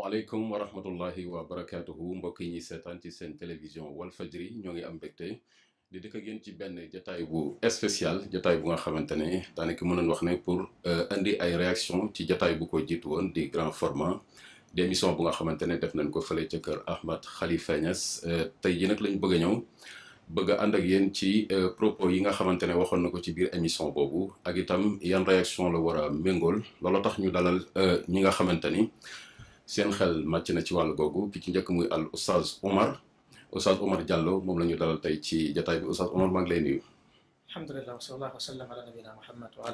waaleykum wa rahmatullahi wa barakaatuhu mbokk yi ñuy seetaan ci seen télévision Walfadjri ñoo ngi am mbégte di dëkk ak ci benn jataay bu spécial jataay bu nga xamante ne daanaka mën nañu wax ne pour euh, indi ay réaction ci jataay bu ko jiitu woon di grand format di émission bu nga xamante ne def nañ ko fële ca kër Ahmed Khalifa Niass euh, tey ji nag lañ bëgg a ñëw bëgg a ànd ak yéen ci euh, propos yi nga xamante ne waxoon na ko ci biir émission boobu ak itam yan réaction la war a méngool loolu tax ñu dalal ñi nga xamante ni seen xel màcc na ci wàll googu ki ci njëkk muy al oustaz Omar oustaz Omar jàllo moom la ñu dalal tey ci jataay bi oustaz Omar maa ngi lay nuyu. alhamdulilah wa sallallahu wa sallam ala nabina muhammad wa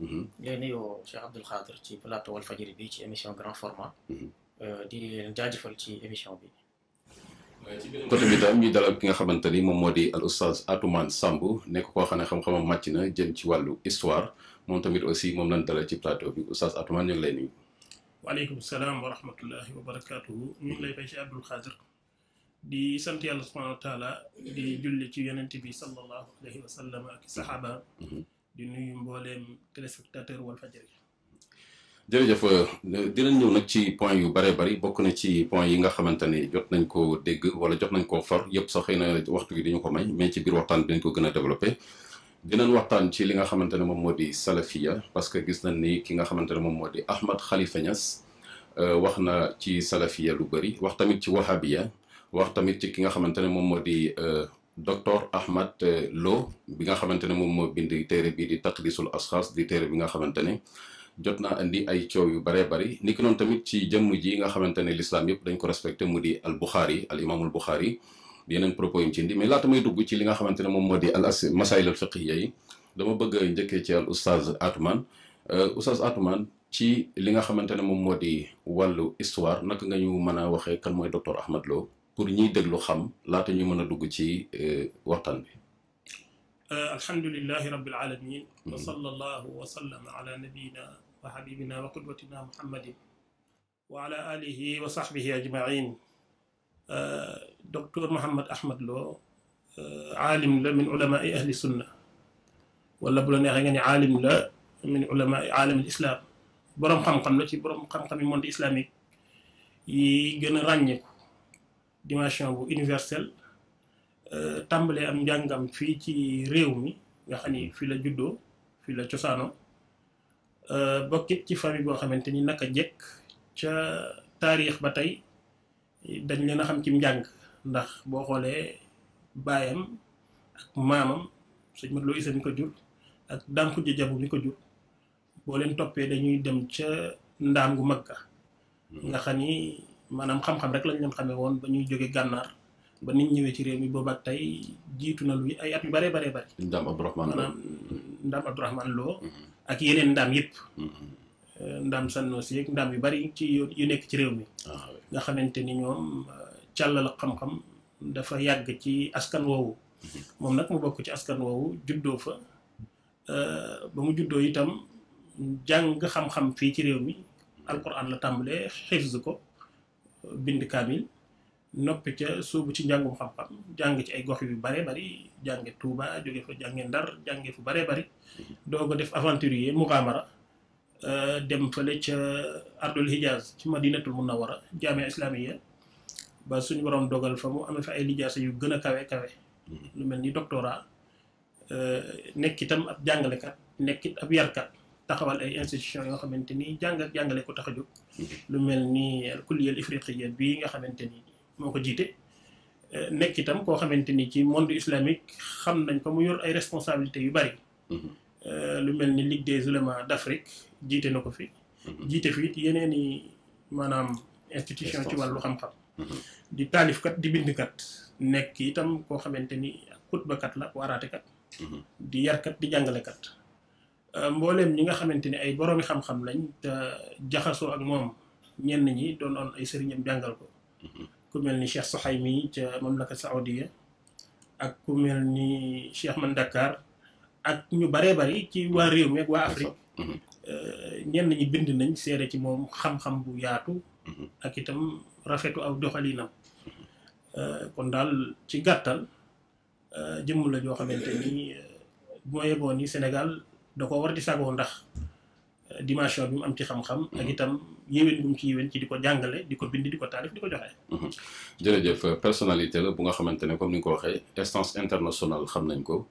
mm-hmm. nuyu Cheikh Abdoul Khadir ci plateau wal fajiri bi ci émission grand format mm-hmm. euh, di leen jaajëfal ci émission bi ci beneen côté bi tam ñu dalal ki nga xamante ni moom moo di al oustaz Atoumane Samb nekk koo xam ne xam-xamam màcc na jëm ci wàllu histoire moom tamit aussi moom lañ dalal ci plateau bi oustaz Atoumane ñu waaleykum salaam wa rahmatullahi wa barakaatuhu ñu ngi lay fay ci Abdul Xaadir di sant yàlla subhaanahu wa di julli ci yonent bi sallallahu alayhi wa sallam ak saxaaba mhm. di nuyu mbooleem téléspectateur Walfadjri jërëjëf dinañ ñëw nag ci point yu bare bari bokk na ci point yi nga xamante ne jot nañ koo dégg wala jot nañ koo for yëpp sax xëy na waxtu yi dañu ko may mais ci biir waxtaan bi dañ ko gën a développé dinañ waxtaan ci li nga xamante ne moom moo di salafiya parce que gis nañ ni ki nga xamante ne moom moo di Ahmad Khalifa Niass euh, wax na ci salafiya lu bëri wax tamit ci wahabiya wax tamit ci ki nga xamante ne moom moo di euh, docteur Ahmad euh, Lo bi nga xamante ne moom moo bind téere bi di taqdisul asxaas di téere bi nga xamante ne jot naa indi ay coow yu baree bëri ni ki tamit ci jëmm ji nga xamante ne lislaam yëpp dañ ko respecté mu di al Buxaari al imaamul Buxaari yeneen propos yu ci indi mais laata may dugg ci li nga xamante moom moo di al yi dama bëgg a njëkkee ci al oustaz Atoumane euh, oustaz Atoumane ci li nga xamante ne moom moo di wàllu histoire naka nga ñu mën a waxee kan mooy docteur Ahmed Lo pour ñiy déglu xam laata ñu mën a dugg ci euh, waxtaan bi. Euh, alhamdulilahi rabbil alamin wa mhm. sallallahu wa sallama ala nabiyina wa habibina wa qudwatina muhammadin wa ala alihi wa Euh, docteur Mouhammad Ahmad Lo euh, aalim la min ulamaai ahli sunna wala bu la neexee nga ne aalim la min ulamaai aalamil islam boroom xam-xam la ci borom xam-xam yi monde islamique yi gën a ràññeeku dimension bu universelle euh, tàmbalee am njàngam fii ci réew mi nga xam ni fii la juddoo fii la cosaano bokkit ci famille boo xamante ni naka jekk ca taarix ba tey dañ leen a xam ci njàng ndax boo xoolee baayam ak maamam sëñ ma Lo Isa mi ko jur ak dànku jabu mi ko jur boo leen toppee dañuy dem ca ndaam gu mag hmm. nga xam ni maanaam xam-xam rek lañ leen xamee woon ba ñuy jóge gànnaar ba nit ñëwee ci réew mi booba ak tey jiitu na lu ay at yu bare bare bare ndaam Abdourahmane Lo ndaam Abdourahmane hmm. ak yeneen ndaam yëpp hmm. ndam sannoos yeeg ndam yu bari ci yu nekk ci réew mi ah, nga xamante ni ñoom euh, càllal xam-xam dafa yàgg ci askan woowu mhm. moom nag mu bokk ci askan woowu juddoo fa euh, ba mu juddoo itam jàng xam-xam fii ci réew mi alquran la tàmbalee xifz ko bind kaamil noppi ca suubu ci njàngum xam-xam jàng ci ay gox yu bare bari jànge Touba jóge fa jànge Ndar jànge fu bare bari mhm. doo ko def aventurier muqaamara Euh, dem fële ca ardul hijaz ci madinatul munawara jaamia islamiya ba suñu borom dogal fa mu amee fa ay lijaasa yu gën a kawe kawe lu mel ni doctorat euh, nekk itam ab jàngalekat nekk ab yarkat taxawal ay institution yoo xamante ni jàng jàngale ko tax jóg mm-hmm. lu mel ni kulliyal ifriqiya bii nga xamante ni moo ko jiite euh, nekkitam koo xamante ni ci monde islamique xam nañ ko mu yor ay responsabilité yu bari mm-hmm. lu mel ni ligue des ulémas d'Afrique jiite na ko fi. Mhm. jiite fi it yeneen i maanaam institution ci wàllu xam-xam. Mhm. di taalifkat di bindkat nekk itam koo xamante ni xutbakat la waaraatekat. Mhm. di yarkat di jàngalekat. Euh, mbooleem ñi nga xamante ni ay boroomi xam-xam lañ te jaxasoo ak moom ñenn ñi doon oon ay sëriñam jàngal ko. ku mel ni Cheikh Sohaymi ca mamlaka saoudiya ak ku mel ni Cheikh Man Dakar ak ñu baree bari ci waa réew mi ak waa Afrique. ñenn ñi bind nañ seere ci moom xam-xam bu yaatu mhm. ak itam rafetu aw doxalinam euh, kon daal ci gàttal euh, jëmm la joo xamante ni bu ma yeboo ni Sénégal da ko war di sagoo ndax euh, dimension bi mu am ci xam-xam ak mhm. itam yéwén bu mu ci yéwén ci di ko jàngale di ko bind di ko taalif di ko joxe mhm. jërëjëf personnalité la bu nga xamante ne comme ni nga ko waxee instance internationale xam nañ ko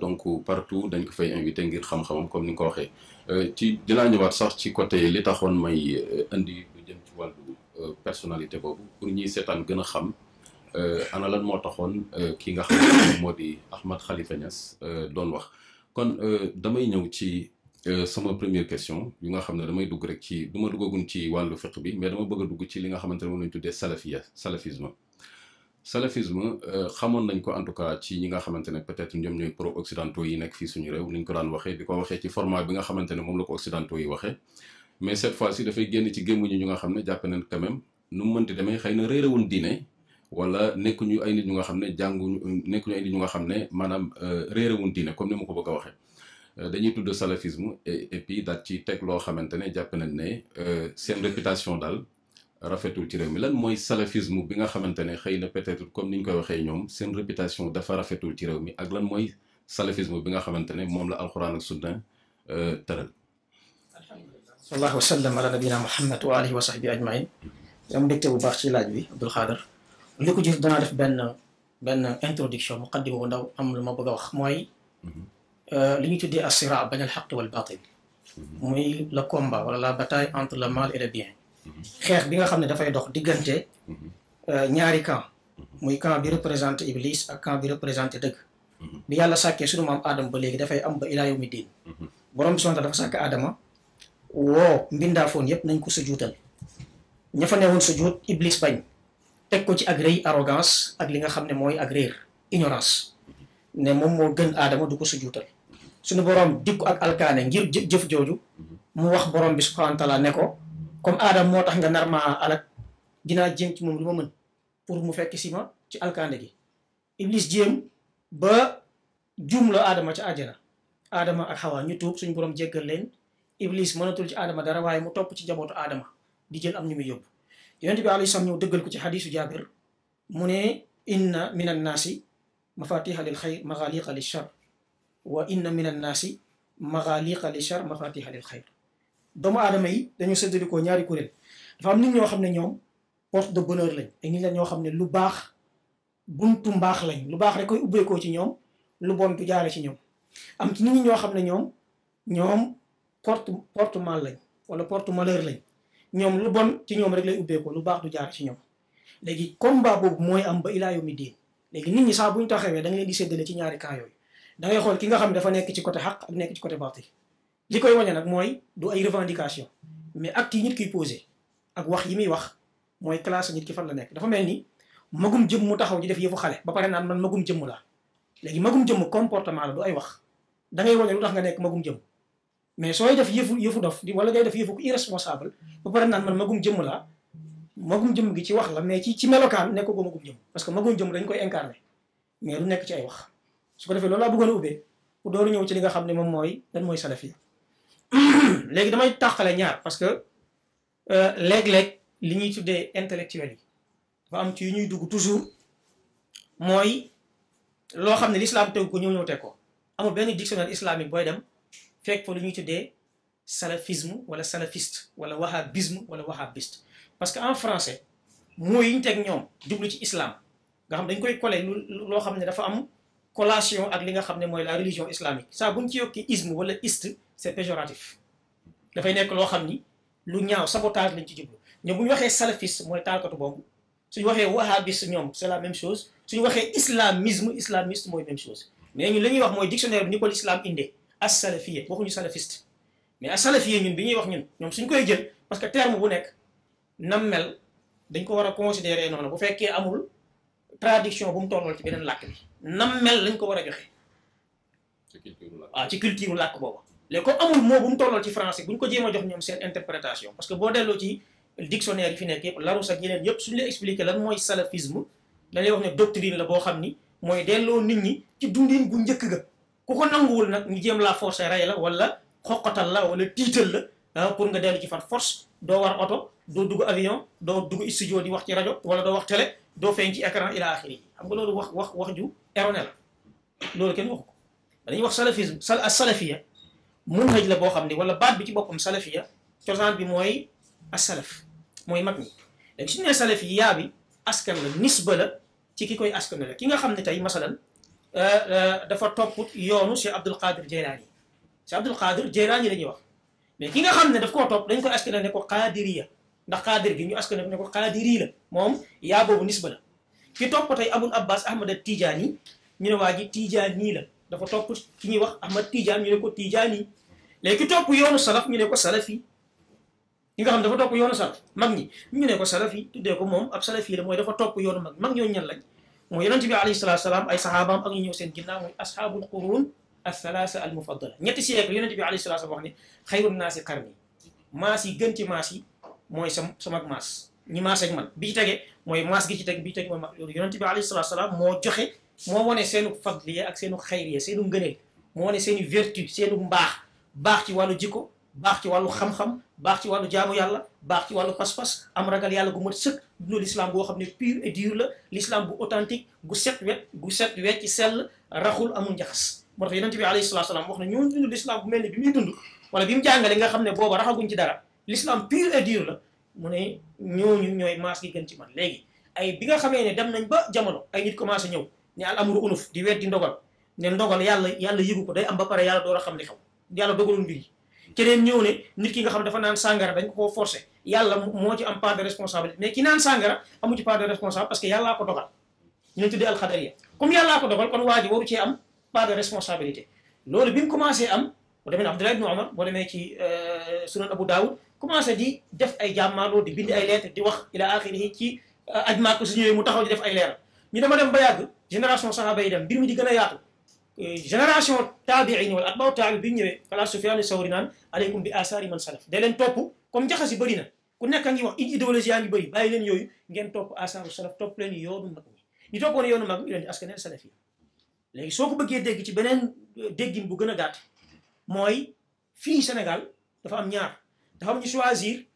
donc partout dañ ko fay invité ngir xam-xamam comme ni nga ko waxee Euh, ci dinaa ñëwaat sax ci côté li taxoon may euh, indi lu jëm ci wàllu euh, personnalité boobu pour ñuy seetaan gën a xam ana lan moo taxoon ki nga xam ne moo di Ahmed Khalifa Niass doon wax kon damay ñëw ci sama première question yu nga xam ne damay dugg rek ci du a duggagun ci wàllu fiq bi mais dama bëgg a dugg ci li nga xamante ne moom lañ tuddee salafiya salafisme salafisme euh, xamoon nañ ko en tout cas ci ñi nga xamante ne peut ñoom ñooy pro occidentaux yi nekk fii suñu réew ni ñu ko daan waxee di ko waxee ci format bi nga xamante ne moom la ko occidentaux yi waxee mais cette fois-ci dafay génn ci gémmuñu ñu nga xam ne jàpp nañ quand même nu mu mënti demee xëy na réerewuñ diine wala nekkuñu ay nit ñu nga xam ne jànguñu nekkuñu ay ñu nga xam ne maanaam euh, réerewuñ diine comme ni ma ko bëgg a waxee euh, dañuy tudd salafisme et et daal ci teg loo xamante ne jàpp nañ ne seen réputation daal rafetul ci réew mi lan mooy salafisme bi nga xamante ne xëy na peut-être comme ni ñu koy waxee ñoom seen réputation dafa rafetul ci réew mi ak lan mooy salafisme bi nga xamante ne moom la alxuraan ak sunna euh, tëral. sallallahu wasallam ala nabina muhammad wa alihi wa sahbi ajmain am dégte bu baax ci laaj bi Abdul Xaadar li ko jëf danaa def benn benn introduction muqaddima bu ndaw am lu ma bëgg a wax mooy mhm. euh, li ñu tuddee assira bañ al xaq wal batil mhm. muy le combat wala la bataille entre le mal et le bien Mm-hmm. xeex bi nga xam ne dafay dox diggante mm-hmm. euh, ñaari camp muy camp bi représenté Iblis ak camp bi représenté dëgg mm-hmm. bi yàlla sàkkee sunu maam Adama ba léegi dafay am ba ilaa yawmi diin borom bi sonta dafa sàkk Adama woo mbindaafoon yépp nañ ko sujuutal ña fa newoon sujuut Iblis bañ teg ko ci ak rëy ak li nga xam ne mooy ak réer ignorance moom moo gën aadama du ko sujuutal suñu borom dikku ak alkaane ngir jëf jooju mu wax borom bi subhanahu wa ne ko comme aadam moo tax nga nar ma alak dinaa jéem ci moom lu ma mën pour mu fekk si ma ci alkande gi iblis jëm ba juumloo aadama ci àjjana adama ak xawaa ñu tuub suñ borom jéggal leen iblis mënatul ci aadama dara waaye mu topp ci njabootu aadama di jël am ñu muy yóbbu yonent bi alayhi salaam ñëw dëggal ko ci xadiisu jaabir mu ne inna min annaasi mafatiha lil xayr maxaaliqa lil char wa inna min annaasi maxaaliqa lil char mafatiha lil xayr doomu aadama yi dañu séddalikoo ñaari kuréel dafa am nit ñoo xam ne ñoom porte de bonheur lañ ay ñoo xam ne lu baax buntu mbaax lañ lu baax rek koy ci ñoom lu bon jaare ci ñoom am ci nit ñoo xam ne ñoom ñoom porte porte mal lañ wala porte malheur lañ ñoom lu bon ci ñoom rek lay ubbeekoo lu baax du jaare ci ñoom léegi combat boobu mooy am ba ilaa yawmi diin léegi nit ñi saa bu ñu taxawee da nga leen di séddale ci ñaari cas yooyu da ngay xool ki nga xam ne dafa nekk ci côté xaq ak nekk ci côté baatil li koy wane nag mooy du ay revendication mais actes yi nit kiy posé ak wax yi muy wax mooy classe nit ki fan la nekk dafa mel ni magum jëm mu taxaw di def yëfu xale ba pare naan man magum jëm la léegi magum jëm comportement ay wax da ngay wane nga nekk magum jëmm mais sooy def yëfu yëfu dof di ngay def yëfu irresponsable ba pare naan man magum jëmm la magum jëmm gi ci wax la mais ci ci melokaan nekk ko magum jëmm parce que magum jëm dañ koy incarné mais du nekk ci ay wax su ko defee loolu laa bëggoon a ubbee pour dooru ñëw ci li nga xam ne moom mooy lan mooy salaf yi léegi damay tàqale ñaar parce que euh, léeg-léeg li ñuy tuddee intellectuel yi dafa am ci yu ñuy dugg toujours mooy loo xam ne l'islam tegu ko ñëw ñëw teg ko amul benn dictionnaire islamique booy dem fekk fa lu ñuy tuddee salafisme wala salafiste wala wahhabisme wala wahhabiste parce que en français mooy yi ñu teg ñoom jublu ci islam nga xam dañ koy coller loo xam ne dafa am collation ak li nga xam ne mooy la religion islamique saa buñ ci yokki isme wala iste c'est péjoratif dafay nekk loo xam ni lu ñaaw sabotage lañ ci jublu ñoom bu ñu waxee salafiste mooy taalkatu bomb suñu waxee wahhabiste ñoom c'est la même chose suñu waxee islamisme islamiste mooy même chose mais ñu li ñuy wax mooy dictionnaire bi ni ko l'islam indee as salafiyé waxuñu salafiste mais as salafiyé ñun bi ñuy wax ñun ñoom suñ koy jël parce que terme bu nekk nam mel dañ ko war a considérer noonu bu fekkee amul traduction bu mu tollal ci beneen làkk bi nam mel lañ ko war a joxe. ci culture làkk waaw ah, ci culture làkk boobu. léegi comme amul moo bu mu tollal ci français bu ñu ko jéem a jox ñoom seen interprétation parce que boo delloo ci dictionnaire yi fi nekk yëpp Larousse ak yeneen yëpp suñu lay expliqué lan mooy salafisme dañuy wax ne doctrine la boo xam ni mooy delloo nit ñi ci dundin gu njëkk ga. ku ko nanguwul nag ñu jéem laa forcer rey la wala xoqatal la wala tiital la ah pour nga dellu ci fan force doo war oto doo dugg avion doo dugg studio di wax ci rajo wala doo wax télé doo feeñ ci écran ila axiri xam nga loolu wax wax wax ju erroné la loolu kenn waxu ko dañuy wax salafisme sal as salafiya munhaj la boo xam ne wala baat bi ci bokkum salafiya cosaan bi mooy as salaf mooy mag ñi léegi suñu nee salaf yi yaa bi askan la nisba la koy askan ki nga xam ne tey masalan euh, euh, dafa topp yoonu Cheikh Abdul Qadir Jeylaani Cheikh Abdul Qadir Jeylaani la ñuy wax mais ki nga xam ne daf koo topp dañ koy askan ne ko qaadiriya ndax qaadir gi ñu askan ne ko qaadiri moom yaa boobu nisba la ki topp tey Abul Abbas Ahmad at Tijaani ñu ne waa ji Tijaani la dafa topp ki ñuy wax Ahmad Tijaan ñu ne ko Tijaani léegi ki topp yoonu salaf ñu ne ko salafi yi nga xam dafa topp yoonu salaf mag ñi ñu ne ko salafi tuddee ko moom ab salafi mooy dafa topp yoonu mag mag ñoo ñan lañ mooy yonent bi alayhi salaatu salaam ay saxaabaam ak ñu ñëw seen ginnaaw mooy ashaabul quruun asalaasa al mufaddala ñetti si yonent bi alayhi salaatu salaam wax ne xayru naasi qarni maas yi gën ci maas yi mooy sa sama maas ñi maas man bii ci tege mooy maas gi ci teg bi ci teg mooy yonente bi alayhi salatu salaam moo joxe moo wane seenu fadliya ak seenu xayriya seenu ngëneel moo wane seeni vertu seenu mbaax baax ci wàllu jikko baax ci wàllu xam-xam baax ci wàllu jaamu yàlla baax ci wàllu pas-pas am ragal yàlla gu mat sëkk dund l'islam boo xam ne pur et la l'islam bu authentique gu set wet gu set wet ci sell raxul amul njaxas moo tax yonente bi alayhi salaam wax na ñoo dund l'islam bu mel ni bi muy dund wala bi mu jàngale nga xam ne booba raxaguñ ci dara l'islam pur la mu ne ñooñu ñooy maas gi gën ci man léegi ay bi nga xamee ne dem nañ ba jamono ay nit commencé ñëw ne al amru unuf di weddi ndogal ne ndogal yàlla yàlla yëgu ko day am ba pare yàlla door xam li xew yàlla dogalul mbir yi ñëw ne nit ki nga xam dafa naan sàngara dañ koo forcé yàlla moo ci am part de ki naan sàngara amu ci part de responsable parce que yàllaa ko dogal ñu ne tuddee alxadariya comme yàllaa ko dogal kon waa ji waru cee am part de responsabilité loolu bi mu commencé am bu demee ne Abdullah ibn Omar boo demee ci euh, sunan Abu Daawud commencé di def ay jàmmaarloo di bind ay lettre di wax ila axirihi ci euh, aj maako su ñëwee mu taxaw di def ay leeral ñu dama dem ba yàgg génération saxaaba yi dem mbir di gën a yaatu euh, génération taabiin wala atbaaw taabi bi ñu ñëwee fala Sufyaan Sawri naan aleykum bi asaari man salaf da leen topp comme njaxas yi na ku nekk a ngi wax idéologie yaa ngi bëri bàyyi leen yooyu ngeen topp asaaru salaf topp leen yoonu mag soo ko bëggee dégg ci beneen euh, déggin bu gën a gàtt mooy fii Sénégal dafa am dafa am ñu choisir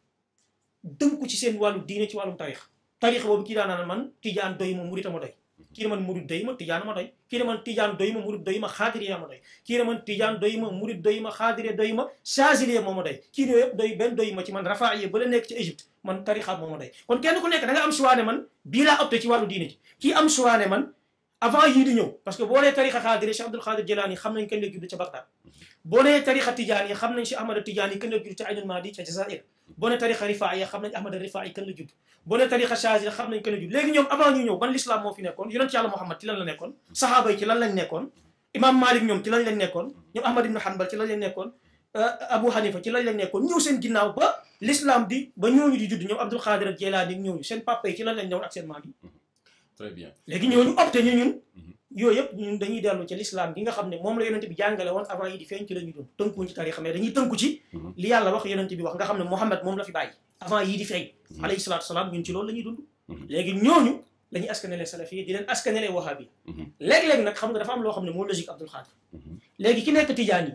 dënku ci seen wàllu diine ci wàllum tarix tarix boobu kii daanaa man tijaan doy ma murit ma doy kii ne man murit doy ma tijaan ma doy kii ne man tijaan doy ma murit doy ma xaadiriya kii ne man tijaan doy ma murit doy ma xaadiriya doy ma chaziliya moo ma doy kii ne yëpp doy benn doy ma ci man rafaaye ba la nekk ci Égypte man tarixa moo ma doy kon kenn ku nekk da nga am choix ne man bii laa opté ci wàllu diine ki kii am choix ne man avant yii di ñëw parce que xam nañ kañ la judd ca boo nee tarixa tijaan xam nañ si ahmada tijaan yi kan la judd ca aynul maadi ca jazair boo nee tarixa rifaa yi xam nañ ahmada rifaa yi kan la judd boo ñoom avant ñoom ahmad ibn hanbal ci lañ lañ nekkoon euh, abu hanifa ci lañ lañ nekkoon ñëw seen ginnaaw ba l'islam di ba ñooñu di judd ñoom abdul xaadir ak jeylaani ñooñu seen papa yi ci lan lañ ñëwoon ak seen maam yi très bien léegi ñu ñun mm-hmm. yooyu yëpp ñun dañuy dellu ci lislaam gi nga xam ne moom la yonente bi jàngale woon avant yi di feeñ ci la ñuy dund léegi ñooñu la ñuy askanele salafi yi di leen askanele wahabi mhm. léeg nag xam nga dafa am loo xam ne moo logique Abdul Xaadir mhm. léegi ki nekk tijaan yi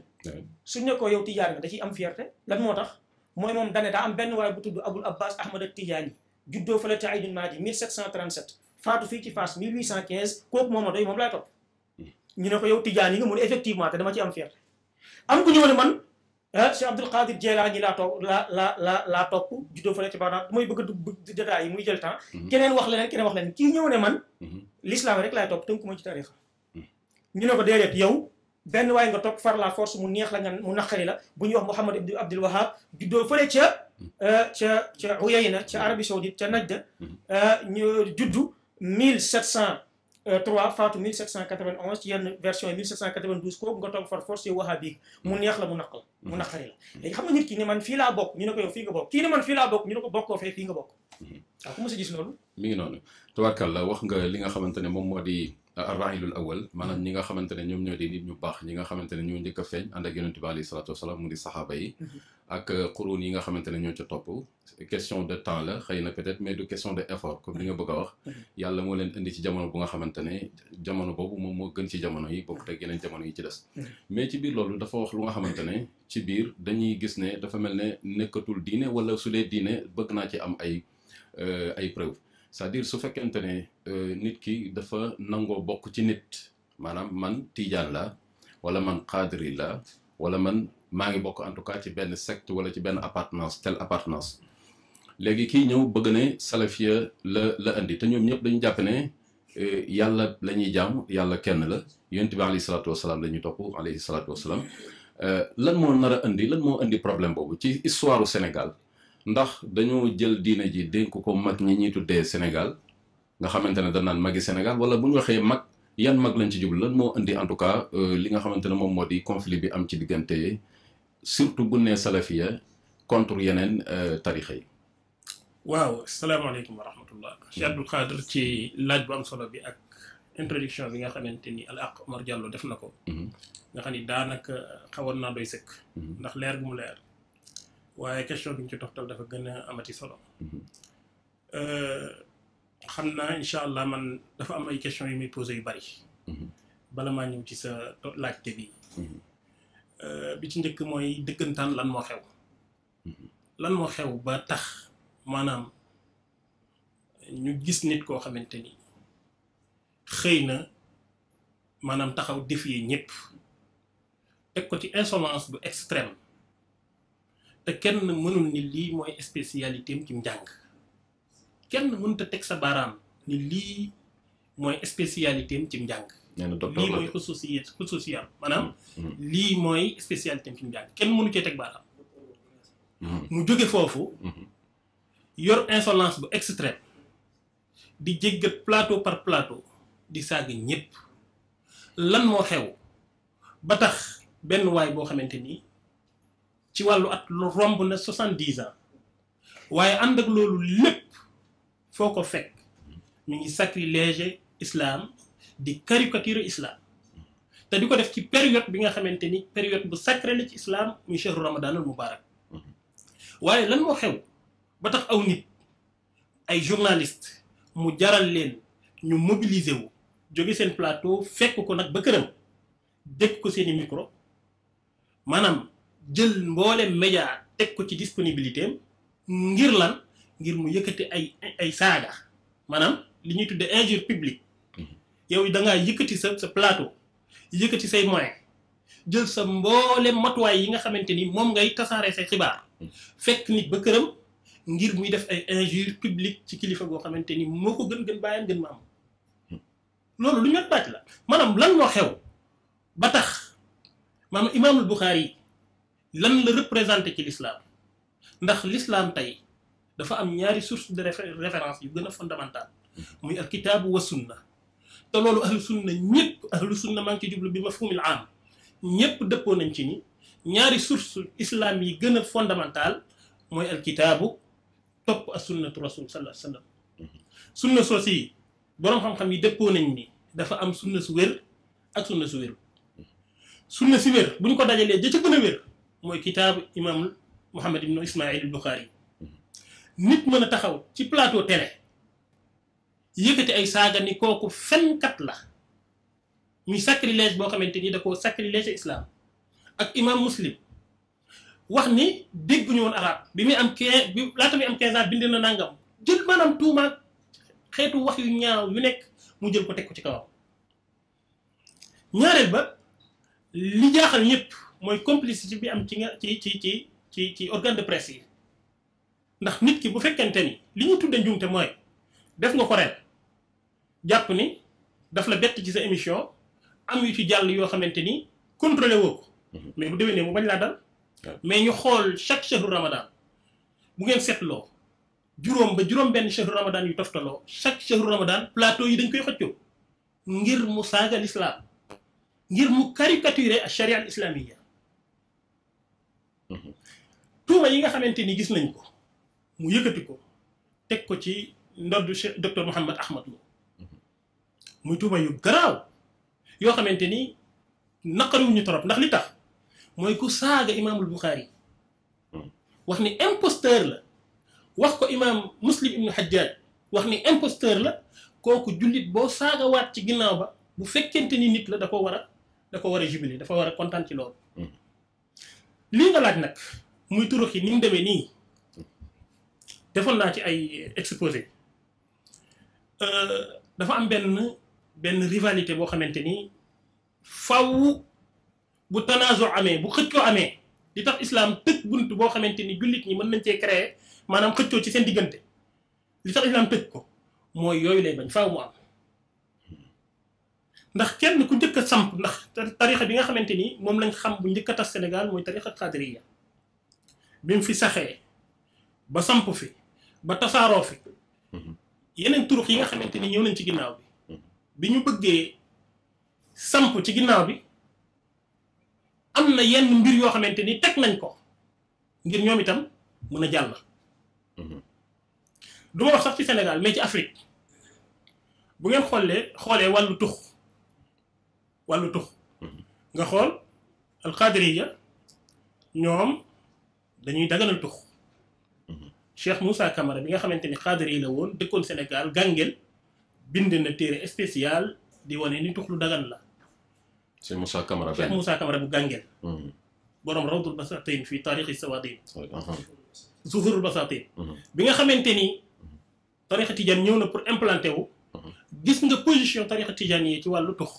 suñ ne nga da am fierté lan moo tax mooy moom dane am benn waaye bu tudd Abul Abbas Ahmad at-Tijaani juddoo fale te aydun maadi faatu fii ci Fass 1815 kooku moom a doy moom laay topp hmm. ñu ne ko yow tijaan yi nga mun effectivement te dama ci am fier am ku ñëw ne man ah Cheikh Abdul Qadir Jeelaani laa toog laa laa laa laa topp juddoo fële ci Bagdad mooy bëgg a dugg détails yi muy jël temps. Hmm. keneen wax leneen keneen wax leneen kii ñëw ne man. Hmm. l'islam rek laay topp tënku ma ci tarixa ñu ne ko déedéet yow benn waaye nga topp far la force mu neex la nga mu naqari la bu ñuy wax Mouhamad Abdul Abdul Wahab juddoo fële ca ah, ca ca Uyayna ca Arabie Saoudite ca Najda ah, ñu juddu. 1703 faatu 1791 ci yenn nga toog far force yow wahabi hmm. mu neex hmm. nga nit ki ne man fii laa bokk ñu ne ko nga bokk ñu ne hmm. ah, ngi noonu tabarkàlla wax nga li nga xamante ne moom moo di ah, arrahilul awal maanaam ñi nga xamante ne ñoom ñoo di ñu baax ñi nga xamante ne ñoo njëkk a feeñ ànd ak yonente bi alayhi salatu wasalaam mu di ak euh, xuruun yi nga xamante ne ñoo ca topp question de temps la xëy na peut-être mais du question de effort comme li nga bëgg a wax yàlla moo leen indi ci jamono bu nga xamante ne jamono boobu moom moo gën ci jamono yi bokk teg yeneen jamono yi ci des mais ci biir loolu dafa wax lu nga xamante ne ci biir dañuy gis ne dafa mel ne nekkatul diine wala su dee diine bëgg naa ci am ay euh, ay preuve cest diir su fekkente ne euh, nit ki dafa nangoo bokk ci nit maanaam man tiijaan la wala man xaadiri maa ngi bokk en tout cas ci benn secte wala ci benn appartenance telle appartenance léegi kii ñëw bëgg ne salafia la la indi te ñoom ñëpp dañu jàpp ne eh, yàlla lañuy jàmm yàlla kenn la yonent bi alayhi salaatu wasalaam lañu ñuy topp alayhi salaatu wasalaam eh, lan moo nar a indi lan moo indi problème boobu ci histoire Sénégal ndax dañoo jël diine ji dénk ko mag ñi ñuy tuddee Sénégal nga xamante ne dañ magi Sénégal wala bu ñu waxee mag yan mag lañ ci jublu lan moo indi en tout cas eh, li nga xamante ne moom moo di conflit bi am ci diggante surtout bu ne salafiya contre yeneen euh, tarixa yi waaw salaamaaleykum wa rahmatullah Cheikh hmm. Abdou Khadre ci laaj bu am solo bi ak introduction bi nga xamante ni al aq Omar def na ko hmm. nga xam ni daanaka xawoon naa doy sëkk hmm. ndax leer bu mu leer waaye question bi ñu ci toxtal dafa gën a amati solo euh, xam naa incha allah man dafa am ay question yu muy posé yu bari bala maa ñëw ci sa laajte bi Euh, bi ci njëkk mooy dëggantaan lan moo xew lan moo xew ba tax maanaam ñu gis nit koo xamante ni xëy na maanaam taxaw défier ñëpp teg ko ci insolence bu extrême te kenn mënul ni lii mooy spécialité cim ci njàng kenn mënut a teg sa baaraam ni lii mooy spécialité am ci njàng nee na docteur lii mooy xusuusiyam xusuusiyam maanaam. Mm, mm. lii mooy spécialité fi mu jàng kenn mënu cee teg baaraam. Mm. mu jóge foofu. Mm-hmm. yor insolence bu extrême. di jéggat plateau par plateau. di sàgg ñëpp. lan moo xew. ba tax benn waay boo xamante ni ci wàllu at lu romb na soixante-dix ans. waaye ànd ak loolu lépp foo ko fekk. ñu ngi sacrilège islam. di caricature islam te di ko def ci période bi nga xamante ni période bu sacré la ci islam muy chehru ramadanul mubarak waaye lan moo xew ba tax aw nit ay journaliste mu jaral leen ñu mobiliser wu jóge seen plateau fekk ko nag ba këram dégg ko seeni micro maanaam jël mboole média teg ko ci disponibilité ngir lan ngir mu yëkkati ay ay saaga maanaam li ñuy tuddee injure publique yow da ngaa yëkkati sa sa plateau yëkkati say moyens jël sa mboolem matuwaay yi nga xamante ni moom ngay tasaare say xibaar fekk nit ba këram ngir muy def ay injure publique ci kilifa goo xamante ni moo ko gën gën bàyyam gën ma am loolu lu ñu bàcc la maanaam lan moo xew ba tax maanaam imaamul Buxaari lan la représenté ci l'islam ndax l'islam tey dafa am ñaari source de référence yu gën a fondamental muy al kitaabu wa sunna te loolu ahlu sunna ñëpp ahlu sunna maa ngi ci jublu bi mafhumil am ñëpp dëppoo nañ ci ni ñaari source islam yi gën a fondamental mooy alkitaabu topp ak sunnatu rasul sallallahu alayhi wasallam sunna soos yi boroom xam-xam yi dëppoo nañ ni dafa am sunna su wér ak sunna su wér buñ ko dajalee ja ca gën a wér mooy kitaabu imaam Muhammad ibnu Ismail al nit mën a taxaw ci plateau télé yëkkati ay saaga ni kooku fenkat la muy sacrilège boo xamante ni da koo sacrilège islam ak imam muslim wax ni dégguñu woon arab bi muy am quinze bi laata muy am quinze ans bind na nangam jël maanaam tuuma xeetu wax yu ñaaw yu nekk mu jël ko teg ko ci kawam ñaareel ba li jaaxal ñëpp mooy complicité bi am ci nga ci ci ci ci ci organe de presse yi ndax nit ki bu fekkente ni li ñu tudde njuumte mooy def nga ko jàpp ni daf la bett ci sa émission am yu ci jàll yoo xamante ni contrôlé woo ko. Mhm. mais bu déwénee mu bañ laa dal. mais ñu xool chaque chahru ramadan bu ngeen seetloo juróom ba juróom benn chahru ramadan yu toftaloo chaque chahru ramadan plateau yi dañ koy xëccoo ngir mu saaga l'islam ngir mu caricaturer ak charia al islamia mhm. tuuma yi nga xamante ni gis nañ ko mu yëkkati ko teg ko ci ndodd docteur Mouhammad Ahmad Lo muy tuuma yu garaaw yoo xamante ni naqariwuñu torop ndax li tax mooy ku saaga imaamul Buxaari wax ni imposteur la wax ko imaam muslim ibnu Hajjaaj wax ni imposteur la kooku jullit boo saaga waat ci ginnaaw ba bu fekkente ni nit la da ko war a da ko war a jubiler dafa war a kontaan ci loolu hmm. lii nga laaj nag muy turux yi ni mu demee nii defoon naa ci ay exposé euh, dafa am benn benn rivalité boo xamante ni faw bu tanasor amee bu xëccoo amee li tax islaam tëj bunt boo xamante ni jullit ñi mën nañ cee créer maanaam xëccoo ci seen diggante li tax islam tëj ko mooy yooyu lay bañ faaw mu am ndax kenn ku njëkk samp ndax tarixa bi nga xamante ni moom lañ xam bu njëkk a tas Sénégal mooy tarixa xaadiriya bi mu fi saxee ba samp fi ba tasaaroo fi mhm. yeneen turux yi nga xamante ni ñëw nañ ci ginnaaw bi bi ñu bëggee samp ci ginnaaw bi am na yenn mbir yoo xamante ni teg nañ ko ngir ñoom itam mën a jàll. Mhm. du ma wax sax ci Sénégal mais ci Afrique bu ngeen xoolee xoolee wàllu tux wàllu tux mhm. nga xool alqadiriya ñoom dañuy daganal tux mhm. Cheikh Moussa Camara bi nga xamante ni qadiri la woon dëkkoon Sénégal gàngel bind na téere spécial di wane ni tux lu dagan la. Cheikh Moussa Camara Cheikh Moussa Camara bu gàngeel. Hmm. borom rawdul basatin fii taarixi sawaadin. Uh-huh. zuhurul basatin hmm. bi nga xamante ni tarixa tijaan ñëw na pour implanter uh-huh. gis nga position tarixa tijaan yi ci wàllu tux.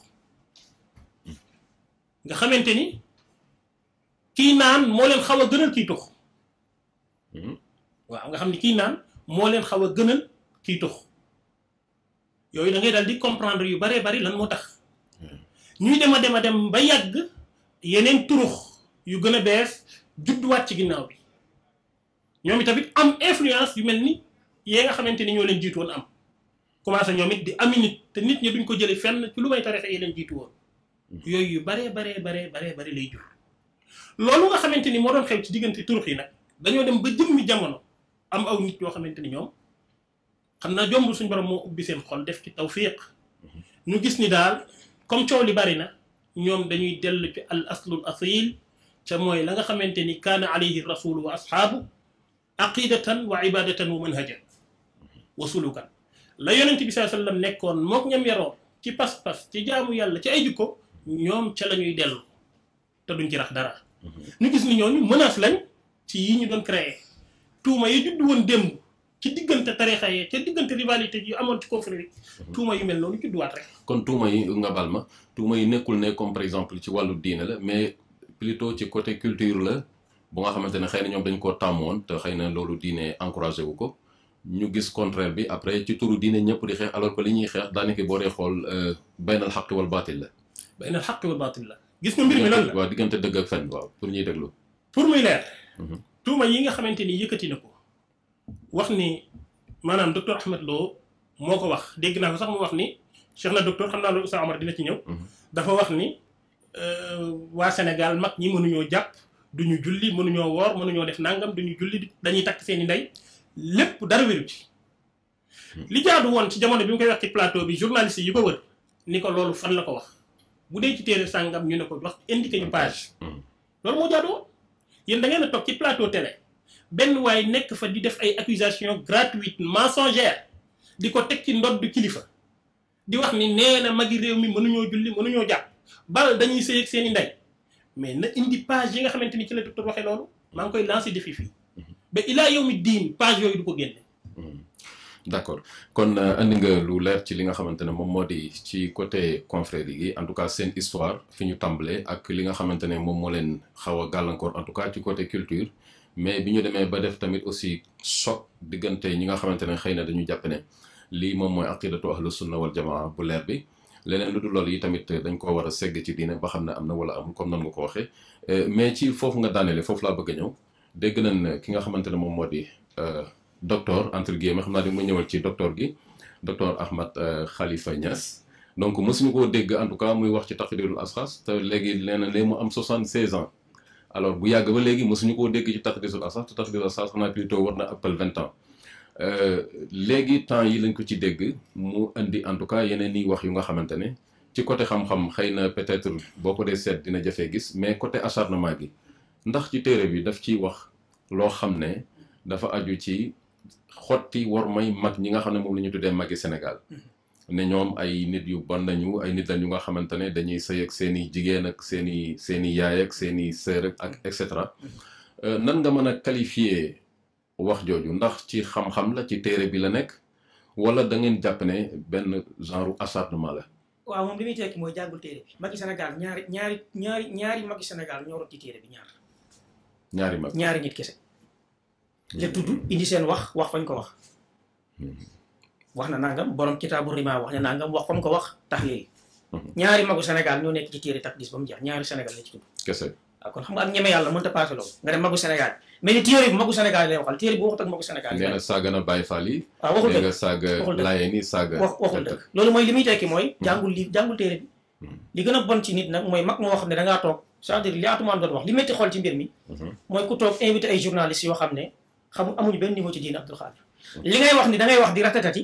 Hmm. nga xamante ni kii naan moo leen xaw a gënal kii tux. waaw nga xam ni kii naan moo leen xaw a gënal kii tux. yooyu da ngay dal di comprendre yu baree bari lan moo tax hmm. ñuy dem a dem a dem ba yàgg yeneen turux yu gën a bees judduwaat ci ginnaaw bi ñoom itamit am influence yu mel ni yee nga xamante ni ñoo leen jiitu woon am commencé ñoom it di ami nit te nit ñi duñ ko jëlee fenn ci lu may tarixa yi leen jiitu woon hmm. yooyu yu baree baree baree baree bari lay jur loolu nga xamante ni moo doon xew ci diggante turux yi nag dañoo dem ba jëmmi jamono am aw nit yoo xamante ni ñoom xam naa jomb suñ borom moo ubbi seen xol def ci tawfiq ñu gis ni daal comme coow li bari na ñoom dañuy dellu ci al aslul asil ca mooy la nga xamante ni kaan kaana alayhi rasulu wa asxaabu aqidatan wa ibadatan wa manhajan wa sulukan la yonent bi saa sallam nekkoon mook ñam yaroo ci pas-pas ci jaamu yàlla ci ay jikko ñoom ca la ñuy dellu te duñ ci rax dara mhm. ñu gis ni ñooñu menace lañ ci yi ñu doon créé tuuma yi judd woon démb ci diggante tarixa yi ci diggante rivalité yi amoon ci confrérie yi mhm. tuuma yu mel noonu judduwaat rek kon tuuma yi nga ma yi nekkul ne comme exemple ci wàllu diine la mais plutôt ci côté culture la bu xamante ne xëy na ñoom dañ koo tàmmoon te xëy na loolu diine encouragé wu ko ñu gis contraire bi après ci turu diine ñëpp di xeex alors li ñuy xeex daanaka boo dee xool euh, baynal xaqi wal baatil la baynal xaqi wal baatil la gis nga diggante dëgg ak fen pour ñuy déglu pour muy leer mhm. tuuma yi nga ni yëkkati na ko wax ni maanaam docteur Ahmed Lo moo ko wax dégg naa ko sax mu wax ni cheikh na docteur xam naa loolu Oustaz Omar dina ci ñëw. Mhm. dafa wax ni euh, waa Sénégal mag ñi mënuñoo jàpp duñu julli mënuñoo woor mënuñoo def nangam duñu julli dañuy takk seeni i ndey lépp dara wéru ci. Mhm. li jaadu woon ci jamono bi mu koy wax ci plateau bi journaliste yi ko wër ni ko loolu fan la ko wax bu dee ci téere sàngam ñu ne ko wax indiqué page. Mhm. loolu moo jaadu woon yéen da ngeen a toog ci plateau télé. benn waay nekk fa di def ay accusations gratuites mensongères di ko teg ci ndodd kilifa di wax ni nee mag magi réew mi mënuñoo julli mënuñoo jàpp bal dañuy sëy seen i ndey mais na indi page yi nga xamante ni ci la docteur waxee maa ngi koy lancé défi fii ba ilaa yow mi diin page yooyu du ko génne. Hmm. d'accord kon euh, andi nga lu leer ci li nga xamante ne moom moo di ci côté confrérie yi en tout cas seen histoire fi ñu tàmbalee ak li nga xamante ne moom moo leen xaw a gàllankoor en tout cas ci côté culture. mais bi ñu demee ba def tamit aussi choc diggante ñi nga xamante ne xëy na dañu jàpp ne lii moom mooy aqidatu ahlu sunna wal jamaa bu leer bi leneen lu dul loolu yi tamit dañ ko war a segg ci diine ba xam ne am na wala amul comme nan nga ko waxee euh, mais ci foofu nga daaneele foofu laa bëgg a ñëw dégg nañ ki nga xamante ne moom moo di euh, docteur entre guillemets xam naa di ma ñëwal ci docteur gi docteur Ahmad euh, Khalifa Niass donc mësuñu koo dégg en tout cas muy wax ci taqdirul asxaas te léegi leneen léegi mu am 76 ans alors bu yàgg ba léegi mosuñu koo dégg ci taxdiisul asaas te taxdiisul asaas xanaa plutôt war na ëppal vingt ans euh, léegi temps yi lañ ko ci dégg mu indi en tout cas yeneen i wax yu nga xamante ne ci côté xam-xam xëy na peut-être boo ko dee seet dina jafee gis mais côté acharnement bi ndax ci téere bi daf ci wax loo xam ne dafa aju ci xotti war may mag ñi nga xam ne moom la ñu tuddee magi Sénégal mm-hmm. ne ñoom ay nit yu ba nañu ay nit lañu nga xamante ne dañuy sëy ak seeni jigéen ak seeni seeni seen i yaay ak seen i sœur ak et cetera euh, nan nga mën a qualifier wax jooju ndax ci xam-xam la ci téere bi la nekk wala da ngeen jàpp ne benn genre acharnement la. waaw moom li muy tekki mooy jàngul téere bi. Macky Sénégal ñaari ñaari ñaari ñaari Macky Sénégal ñoroon ñaar. ñaari mag ñaari nit kese. te tudd indi seen wax wax fañ ko wax. Hmm. wax na nangam borom kitaabu rima wax na nangam wax comme ko wax tax yooyu mhm. ñaari magu Sénégal ñoo nekk ci téere tax gis ba mu jeex ñaari Sénégal la ci tudd ah, kon xam nga ak ñeme yàlla mënut a loolu nga dem magu Sénégal mais ni bi magu Sénégal lay waxal téere bi yi ah, waxul dëgg loolu mooy li muy mooy mhm. jàngul lii jàngul téere bi mhm. li gën a bon ci nit nag mooy mag moo xam ne dangaa toog c'est-à-dire li atumaan doon wax li métti xool ci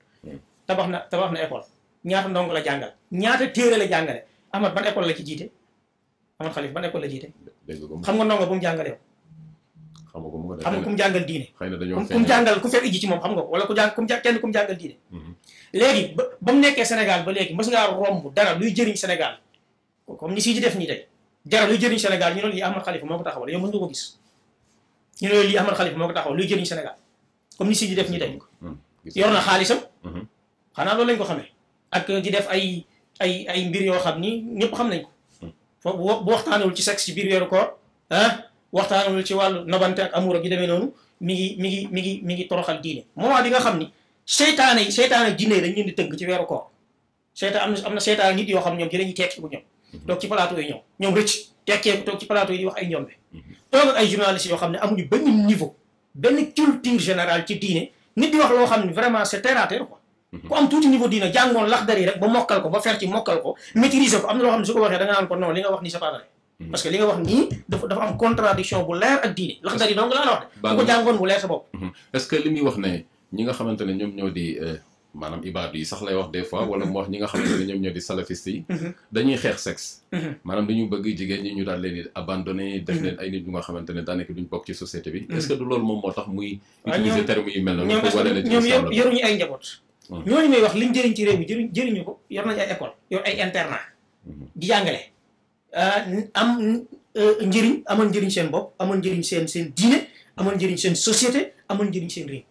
tabax na tabax na école ñaata ndongo la jàngal ñaata téere la jàngale Ahmad ban école la ci jiite Ahmad Khalif ban école la xam nga ndongo bu mu jàngal yow. xam nga ku mu jàngal diine. xëy na dañoo ku mu jàngal ku fekk ji ci moom xam nga ko wala ku jàng ku mu kenn ku mu jàngal mhm. léegi ba ba mu nekkee Sénégal ba léegi mës ngaa romb dara luy jëriñ Sénégal comme ni si di def nii tey dara luy jëriñ Sénégal ñu ne lii Ahmad Khalifa moo ko taxawal yow mës nga ko gis ñu ne lii Ahmad Khalifa moo ko taxawal luy jëriñ Sénégal comme yor na xaalisam mhm. xanaa loolu lañ ko xamee ak di def ay ay ay mbir yoo xam ni ñëpp xam nañ ko hmm. foofu bu waxtaanewul ci sexe ci biir weeru koor ah waxtaanewul ci wàllu nobante ak amour ak yu demee noonu mi ngi mi ngi mi ngi mi ngi toroxal diine moment bi nga xam ni seytaane yi seytaane jinne yi dañ leen di tënk ci weeru koor seytaan am na am na seytaan nit yoo xam ñoom jëlee ñu tekki bu ñoom hmm. toog ci plateau yi ñoom ñoom rëcc tekkeeku toog ci plateau yi di wax ay ñoom bi hmm. toog ak ay journalistes yoo xam ne amuñu benn niveau benn culture générale ci diine nit di wax loo xam ne vraiment c'est terre à terre quoi Mhm. ku am tuuti niveau diina jàngoon Laxdari rek ba mokkal ko ba fer ci mokkal ko maîtriser ko am na loo xam ne su ko waxee da nga naan ko non li nga wax nii c'est pas vrai mhm. parce que li nga wax nii dafa dafa ko jàngoon sa bopp mhm. est ne ñi ñoom ñoo di euh, maanaam ibaadu yi lay wax des fois wala mu ñi nga xamante ñoom ñoo di salafiste yi dañuy xeex sexe jigéen ñi ñu daal leen di abandonné def leen ne daanaka duñ bokk ci société bi loolu moom moo tax muy ah, utiliser terme yu mel noonu ñoom yëpp ay njaboot Mm. ñooñu may wax liñ jëriñ ci réew mi jëriñ jëriñu ko yor nañu ay école yor ay internat mm-hmm. di jàngale ah, am euh, njëriñ amoon njëriñ seen bopp amoon njëriñ seen seen diine amoon njëriñ seen société amoon njëriñ seen réew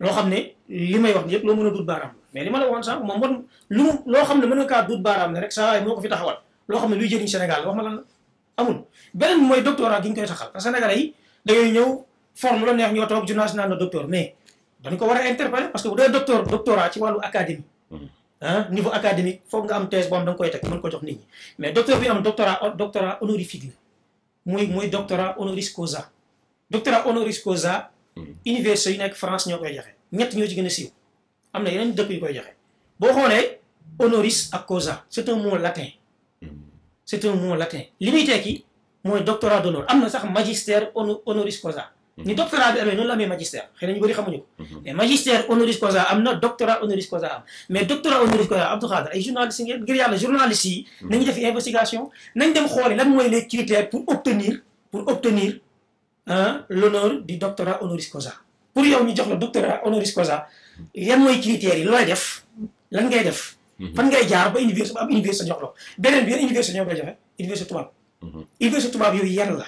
loo xam ne li may wax ni yëpp loo mën a dut baaraam mais li ma la waxoon sànq moom man lu loo xam ne mën na kaa dut baaraam la rek saa waay fi taxawal loo xam ne luy jëriñ Sénégal wax ma lan amul beneen bi mooy doctorat gi ñu koy taxal parce que sénégalais ñëw forme la neex ñoo toog journal national na docteur mais dañ ko war a interpeller parce que bu dee docteur doctorat ci wàllu académie mhm. ah niveau académique foog nga am thèse boo am da nga koy teg ko jox nit ñi mais docteur bi am doctorat doctorat honorifique mooy muy muy doctorat honoris causa doctorat honoris causa mhm. France ñoo koy joxe ñett ñoo ci gën a siiw am na yeneen dëkk yu koy joxe boo xoolee honoris ak causa c'est un mot latin mhm. c'est un mot latin li muy tekki mooy doctorat d'honneur am na sax magistère honoris causa Mhm. ni doctorat bi amee noonu na ñu bëri xamuñu ko. Mhm. mais na doctorat honoris causa am mais doctorat honoris causa Abdou Khadre ay journaliste ngeen ngir yàlla journaliste yi. Mhm. nañu def investigation nañ dem xooli lan mooy les critères pour obtenir pour di l'honneur du doctorat honoris causa. pour yow ñi jox la doctorat honoris causa yan mooy critères yi looy def lan ngay def. fan ngay jaar ba université ba am université jox la beneen bi yan université ñoo koy joxe université tubaab. université tubaab yooyu yan la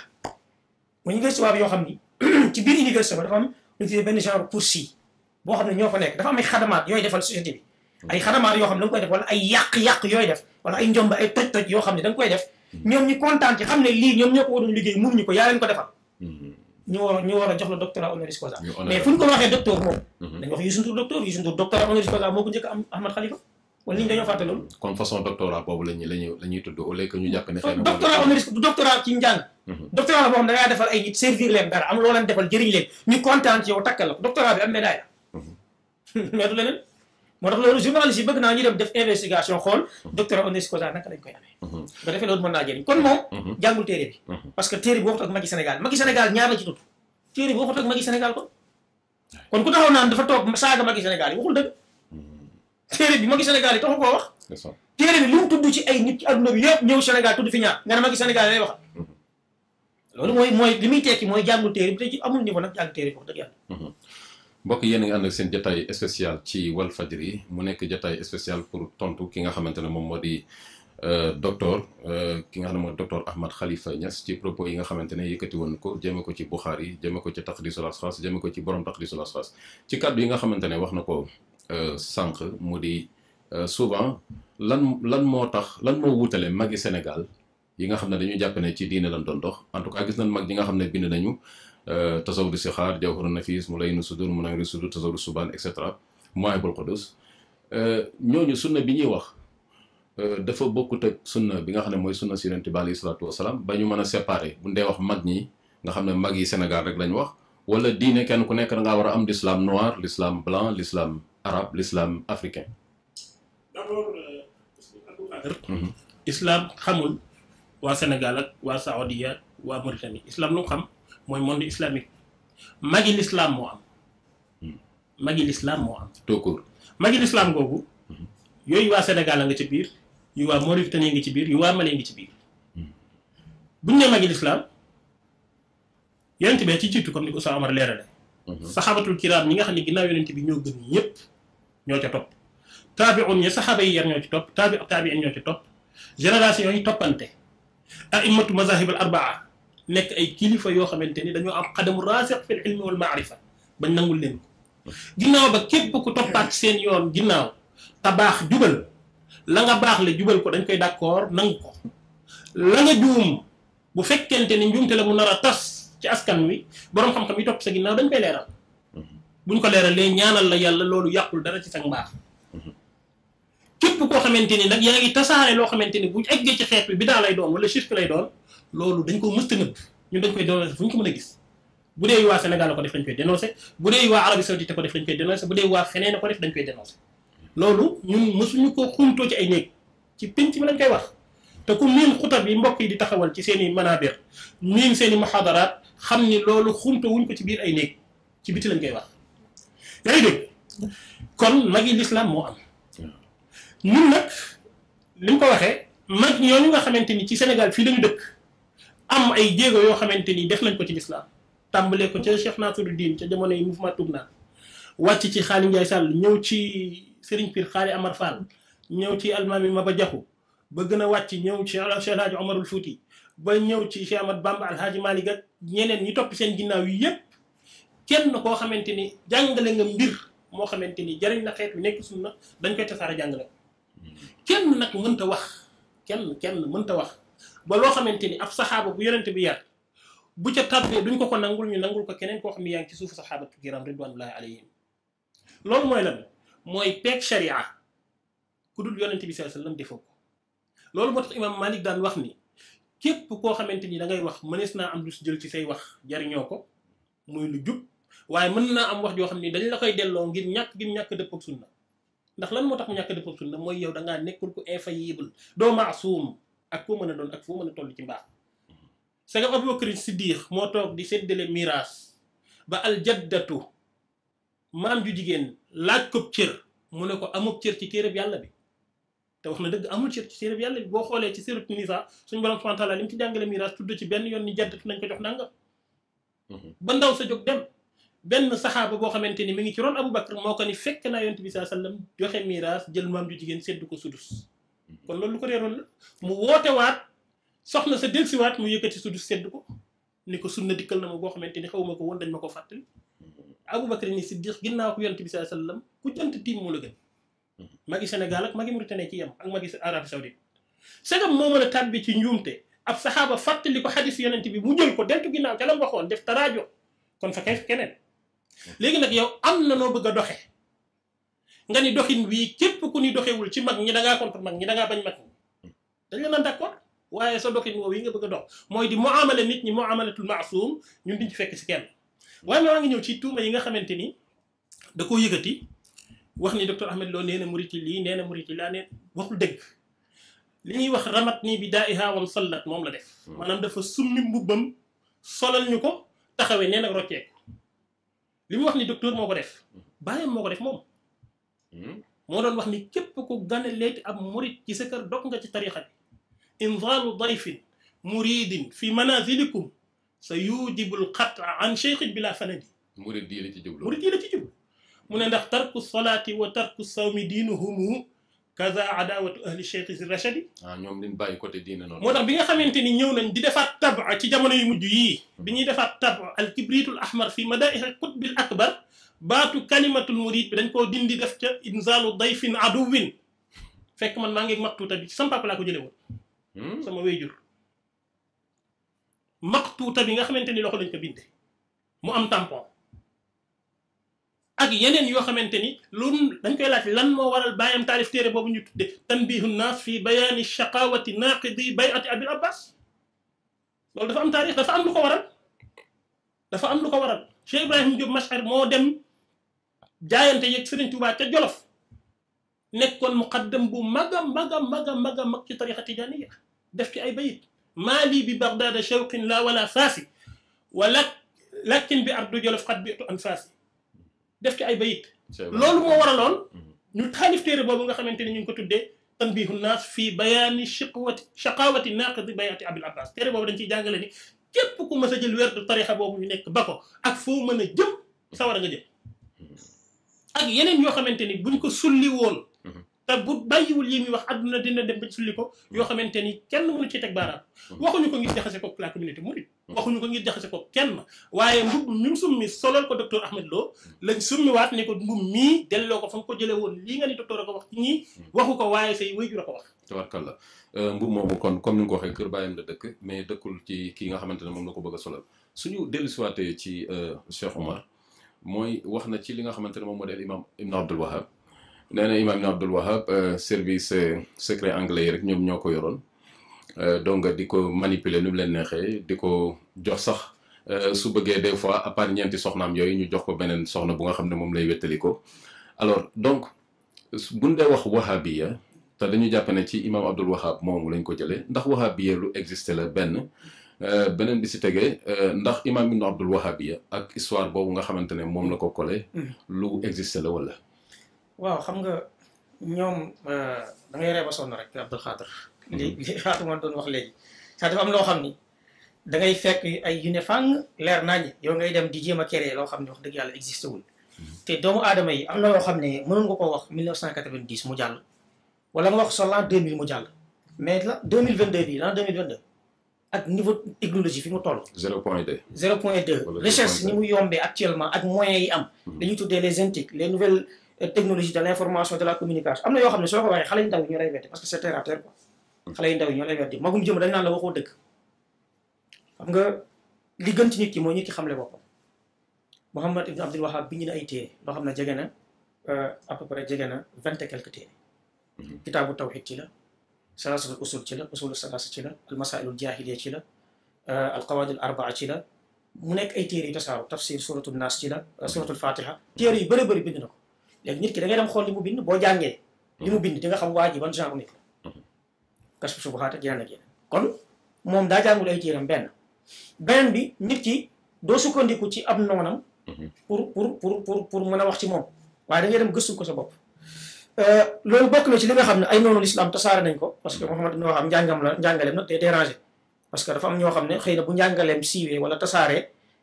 mooy université tubaab yoo xam ni. ci biir université ba dafa am lu tuddee benn genre poursi boo xam ne ñoo fa nekk dafa am xadamaat yooy defal ay xadamaat yoo xam ne da koy def hmm. ñoom ñu kontaan ci xam ne lii ñoom ñoo ko waroon liggéey mënuñu ko yaa ko defal hmm. ñu war jox la doctorat honoris causa mais fu ñu ko waxee docteur moom hmm. dañu wax Youssou Ndour docteur Youssou Ndour doctorat honoris causa moo ko njëkk Ahmad Khalifa wala nit ñi dañoo fàtte loolu. kon façon doctorat boobu la ñuy la ñuy la ñu jàpp ne. xëy na doctorat am mhm. boo xam da ngaa ay nit servir leen dara am loo leen defal jëriñ leen mhm. moo tax loolu journaliste bëgg naa ñu dem def investigation xool mhm. doctorat honoris causa naka lañ koy amee. ba defee loolu mën naa jëriñ kon moom. jàngul téere bi. parce que téere bi waxut ak Macky Sénégal Macky Sénégal ñaar la ci tudd téere bi waxut ak Macky Sénégal kon. kon ku taxaw naan dafa toog saaga Macky Sénégal téere bi Macky Sénégal yi taxu koo wax. téere bi li mu tudd ci ay nit ci adduna bi yëpp ñëw Sénégal tudd fi ñaar nga ne Macky Sénégal lay wax. Mm-hmm. loolu mooy mooy li muy mooy jàngul téere bi te ci nag jàng téere bi wax mm-hmm. mbokk yéen a ngi ànd ak seen jataay spécial ci Walfadjri mu nekk jataay spécial pour tontu ki nga xamante ne moom moo di euh, docteur euh, ki nga xam ne mooy docteur Ahmad Khalifa Niass ci propos yi nga xamante ne yëkkati woon ko jëme ko ci yi jëme ko ci Taqdisul Asxaas jëme ko ci borom Taqdisul Asxaas ci kàddu yi nga xamante ne wax na ko. Euh, sànq mu di euh, souvent lan lan moo tax lan moo wutale yi Sénégal yi nga xam ne dañu jàpp ne ci diine lan doon dox en tout cas gis nañ mag ñi nga xam ne bind nañu euh, tasawudu sixaar jawharu nafis mu lay nu sudur mu nawi sudur tasawudu subaan et cetera muhaybul qudus ñooñu sunna bi ñuy wax dafa bokkut ak sunna bi nga xam ne mooy sunna si yonent bi alayhi salaatu wasalaam ba ñu mën a séparer bu ñu dee wax mag ñi nga xam ne mag yi Sénégal rek lañ wax wala diine kenn ku nekk da ngaa war a am l'islam noir l'islam blanc l'islam arabe l'islam africain. d'abord euh, mhm. islam xamul waa Sénégal ak waa Saoudia waa Mauritanie islam lu mu xam mooy monde islamique magi l'islam moo am. Mhm. magi l'islam moo am. Mhm. yooyu waa Sénégal nga ci biir yu waa Mauritanie ngi ci biir yu waa Mali ngi ci biir buñ ne magi l'islam yonent bi ci jiitu comme ni ko Amar leerale saxaabatul kiraam ñi nga xam ne ginnaaw yonent bi ñoo gën ñëpp. ñoo ca topp taabiun ya saxaaba yi yar ñoo ci topp taabi taabiin ñoo ci topp génération yi toppante a'immatu mazahib al arbaa nekk ay kilifa yoo xamante ni dañoo am xadamu raasiq fil ilmi wal bañ nangul leen ko ginnaaw ba képp ku toppaat seen yoon ginnaaw te baax jubal la baax le jubal ko dañ koy d'accord nangu ko la nga juum bu fekkente ni njuumte la mu nar a tas ci askan wi boroom xam-xam yi topp sa ginnaaw dañ koy leeral buñ ko leeralee ñaanal la yàlla loolu yàqul dara ci sag mbaax képp koo xamante ni nag yaa ngi tasaare loo xamante ni bu eggee ci xeet bi bidaa lay doon wala shirk lay doon loolu dañ ko mësta nëbb ñu dañ koy dénoncé fu ko mën gis bu dee waa Sénégal ko def dañ koy dénoncé bu dee waa Arabie Saoudite ko def dañ koy dénoncé bu dee waa feneen ko def dañ koy dénoncé loolu ñun mësuñu ko xumtoo ci ay néeg ci pénc mi lañ koy wax te ku miin xutab yi mbokk yi di taxawal ci seen i manabir miin seen i muhadaraat xam ni loolu xumto wuñ ko ci biir ay néeg ci biti lañ koy wax yaa ngi dégg kon magi lislaam moo am ñun nag li mu ko waxee mag ñooñu nga xamante ni ci Sénégal fii lañu dëkk am ay jéego yoo xamante ni def nañ ko ci lislaam tàmbalee ko ca Cheikh Nasruddin ca jamono yi mouvement Tugunaan wàcc ci Xaali Njaay Sàll ñëw ci sëriñ Pire Xaali Amar Fall ñëw ci almaami Maba Jaxu ba gën a wàcc ñëw ci Cheikh Hadj Omarul Fouti ba ñëw ci Cheikh Ahmad Bamba Alhaji Malick ak ñeneen ñi topp seen ginnaaw yi yépp kenn koo xamante ni jàngale nga mbir moo xamante ni jariñ na xeet bi nekk sunna dañ koy tasaare jàngale kenn nag mënta wax kenn kenn mënta wax ba loo xamante ni ab saxaaba bu yonente bi yar bu ca tabbee duñ ko ko nangul ñu nangul ko keneen koo xam ne yaa ngi ci suuf saxaabatu kiram ridwanullahi alayhim loolu mooy lan mooy peeg sharia ku dul yonente bi sallallahu sa wasallam di ko loolu boo tax imaam Malik daan wax ni képp koo xamante ni da ngay wax mënees naa am lu si jël ci say wax jariñoo ko muy waaye mën naa am wax joo xam ni dañ la koy delloo ngir ñàkk gi ñàkk dëpp ak sunna ndax lan moo tax mu ñàkk dëpp ak sunna mooy yow da ngaa nekkul ku infaillible doo maasuum ak foo mën a doon ak foo mën a toll ci mbaax sa nga si Siddiq moo toog di séddale miraas ba aljaddatu maam ju jigéen laaj ko cër mu ne ko amul cër ci téereb yàlla bi te wax na dëgg amul cër ci téereb yàlla bi boo xoolee ci sératu Nisaa suñu borom subhaanahu wa ci jàngale miraas tudd ci benn yoon ni jaddatu nañ ko jox nanga mhm. ba ndaw sa benn saxaaba boo xamante ni mi ngi ci ron Abu Bakr moo ko ni fekk naa yonent bi saa sallam joxe miraas jël maam ju jigéen séddu ko sudus kon loolu lu ko réeroon la mu woote waat soxna sa del siwaat mu yëkkati sudus séddu ko ni ko sunna dikkal na ma boo xamante ni xawma ko woon dañ ma ko fàttali Abu Bakr ni Siddiq ginnaaw ko yonent bi saa sallam ku jant tiim moo la gën magi Sénégal ak magi Mauritanie ci yem ak magi Arabie Saoudite segam moo mën a tàbbi ci njuumte ab saxaaba fàttali ko xadis yonent bi mu jël ko deltu ginnaaw ca lam def taraajo kon fa kay keneen léegi nag yow am na noo bëgg a doxe nga ni doxin wii képp ku ni doxewul ci mag ñi da ngaa contre mag ñi da ngaa bañ mag ñi dañ la naan d'accord waaye sa doxin woowu yi nga bëgg a dox mooy di muamale nit ñi muamalatul maasum ñun diñ ci fekk si kenn waaye maa ngi ci tuuma yi nga xamante ni da koo yëkkati wax ni docteur Ahmed Lo nee na murit yi lii nee na murit yi laa nee waxul dëgg li ñuy wax ramat nii bi daa ihaawam sallat moom la def hmm. maanaam dafa summi mbubbam solal ñu ko taxawee nee nag rocceeku li mu wax ni docteur moo ko def bàyyam moo ko def moom hmm? moo doon wax ni képp ku gane leeti ab murit ci sa kër dog nga ci tarixa bi inzaaru dayfin muridin fi manazilikum sa yujibul xat an cheikhin bila fanadi murid yi la ci jublu murid yi la ci jublu mu ne ndax tarku salaati wa tarku sawmi diinuhumu kaza adawatu ahli cheikh si rachadi ah, ñoom liñ bàyyi côté diine noonu moo tax bi nga xamante ni ñëw nañ di defaat taba ci jamono yu mujj yii bi ñuy defaat taba al kibritul ahmar fi madaih qutbil akbar baatu kalimatul murid bi dañ koo dindi def ca inzalu dayfin aduwin fekk man maa ngi maqtuuta bi ci sama papa laa ko jële woon hmm? sama wéyjur maqtuuta bi nga xamante ni loxo lañ ko binde mu am tampon ak yeneen yoo xamante ni loolu dañ koy laaj lan moo waral bàyyam taalif téere boobu ñu tudde tanbihu naas fi bayaani shaqawati naaqidi bayati abil abbas loolu dafa am taarix dafa am lu ko waral dafa am lu ko waral Cheikh Ibrahim Diop Machar moo dem jaayante yeeg Serigne Touba ca Jolof nekkoon muqaddam bu mag a mag a mag a mag ci tariqa tijaniya def ci ay ma maali bi a shawqin la wala faasi wala lakin bi ardu Jolof xat bitu an def ci ay bayit loolu moo waraloon mm-hmm. ñu taalif téere boobu nga xamante ni ñu ngi ko tuddee tanbihu naas fii bayaani shiqwati shaqawati naaqidi bayaati abil abbas téere boobu dañ ciy jàngale ni képp ku mës a jël werdu tarixa boobu ñu nekk ba ko ak foo mën a jëm sawar a nga jëm mm-hmm. ak yeneen yoo xamante ni buñ ko sulli woon mm-hmm. ta bu bàyyiwul yi muy wax adduna dina dem ba sulli ko yoo xamante ni kenn mënu ci teg baaraam waxuñu ko ngir jaxase ko la communauté mouride waxuñu ko ngir jaxase ko kenn waaye mbub mi summi solal ko docteur Ahmed Lo lañ summi waat ne ko mbub mii delloo ko fa nga ko jëlee woon lii nga ni docteur a ko wax ci ñii waxu ko waaye say wéyjur a ko wax tabarkalla euh, mbub moomu kon comme ni nga ko waxee kër bàyyam la dëkk mais dëkkul ci kii nga xamante ne moom la ko bëgg a solal suñu dellusiwaatee ci euh, Cheikh Omar mooy wax na ci li nga xamante ne moom moo deel imam Ibn Abdul Wahab nee na imam Ibn Abdul Wahab euh, service secret anglais yi rek ñoom ñoo ko yoroon Euh, donc di ko manipuler nu mu leen neexee di ko jox sax euh, su bëggee des fois à part ñeenti soxnaam yooyu ñu jox ko beneen soxna bu nga xam ne moom lay wéttali ko alors donc buñ dee wax wahabiya te dañu jàpp ne ci imam Abdul Wahab moomu lañ ko jëlee ndax wahabiya lu existé la benn euh, beneen bi si tegee ndax imam Ibn Abdul Wahabiya ak histoire boobu nga xamante ne moom la ko kole hmm. lu existé la wala. waaw xam nga ñoom da ngay reeba rek li mhm. li Fatima doon wax léegi sax am loo xam ni da ngay fekk ay yu ne fàng leer nañ yow ngay dem di jéem a créer loo xam ne wax dëgg yàlla existé wul mhm. te doomu aadama yi am na loo xam ne mënoon nga ko wax 1990 mu jàll wala nga wax sur l'an 2000 mu jàll mais la 2022 bi l'an 2022 ak niveau technologie fi mu toll. 0.2. 0.2 recherche ni mu yombee actuellement ak moyens yi am. Mhm. dañuy tuddee les NTIC les nouvelles euh, technologies de l' information de la communication am na yoo xam ne soo ko xale yu ndaw yi ñoo lay weddi magum jëm dañ naan la waxoo dëgg xam nga li gën ci nit ki mooy nit ki xamle boppam Mouhamad Ibn Abdul Wahab bi ñu ne ay téere loo xam ne jege na euh, à jege na vingt et quelques téere mhm. kitaabu tawxid ci la salaasatul usul ci la usulu salaasa ci la almasailul jaahiliya ci la euh, alqawaidul arbaa ci la mu nekk ay téere yu tasaaru tafsir suratul naas ci la euh, suratul fatiha téere yu bëri bëri bind na ko léegi nit ki da ngay dem xool li mu bind boo jàngee li mu bind di nga xam waa ji ban genre nit kashfu shubuhaat ak yeneen ak yeneen kon moom daa jàngul ay téeram benn beneen bi nit ki doo sukkandiku ci ab noonam mhm. pour pour pour pour pour mën a wax ci moom waaye da ngay dem gëstu ko sa bopp euh, loolu bokk na ci li xam ne ay noonu lislaam tasaare nañ ko parce que Muhammad mhm. ibn Wahhab njàngam la njàngaleem nag ñoo xam ne xëy na bu njàngaleem siiwee wala tasaaree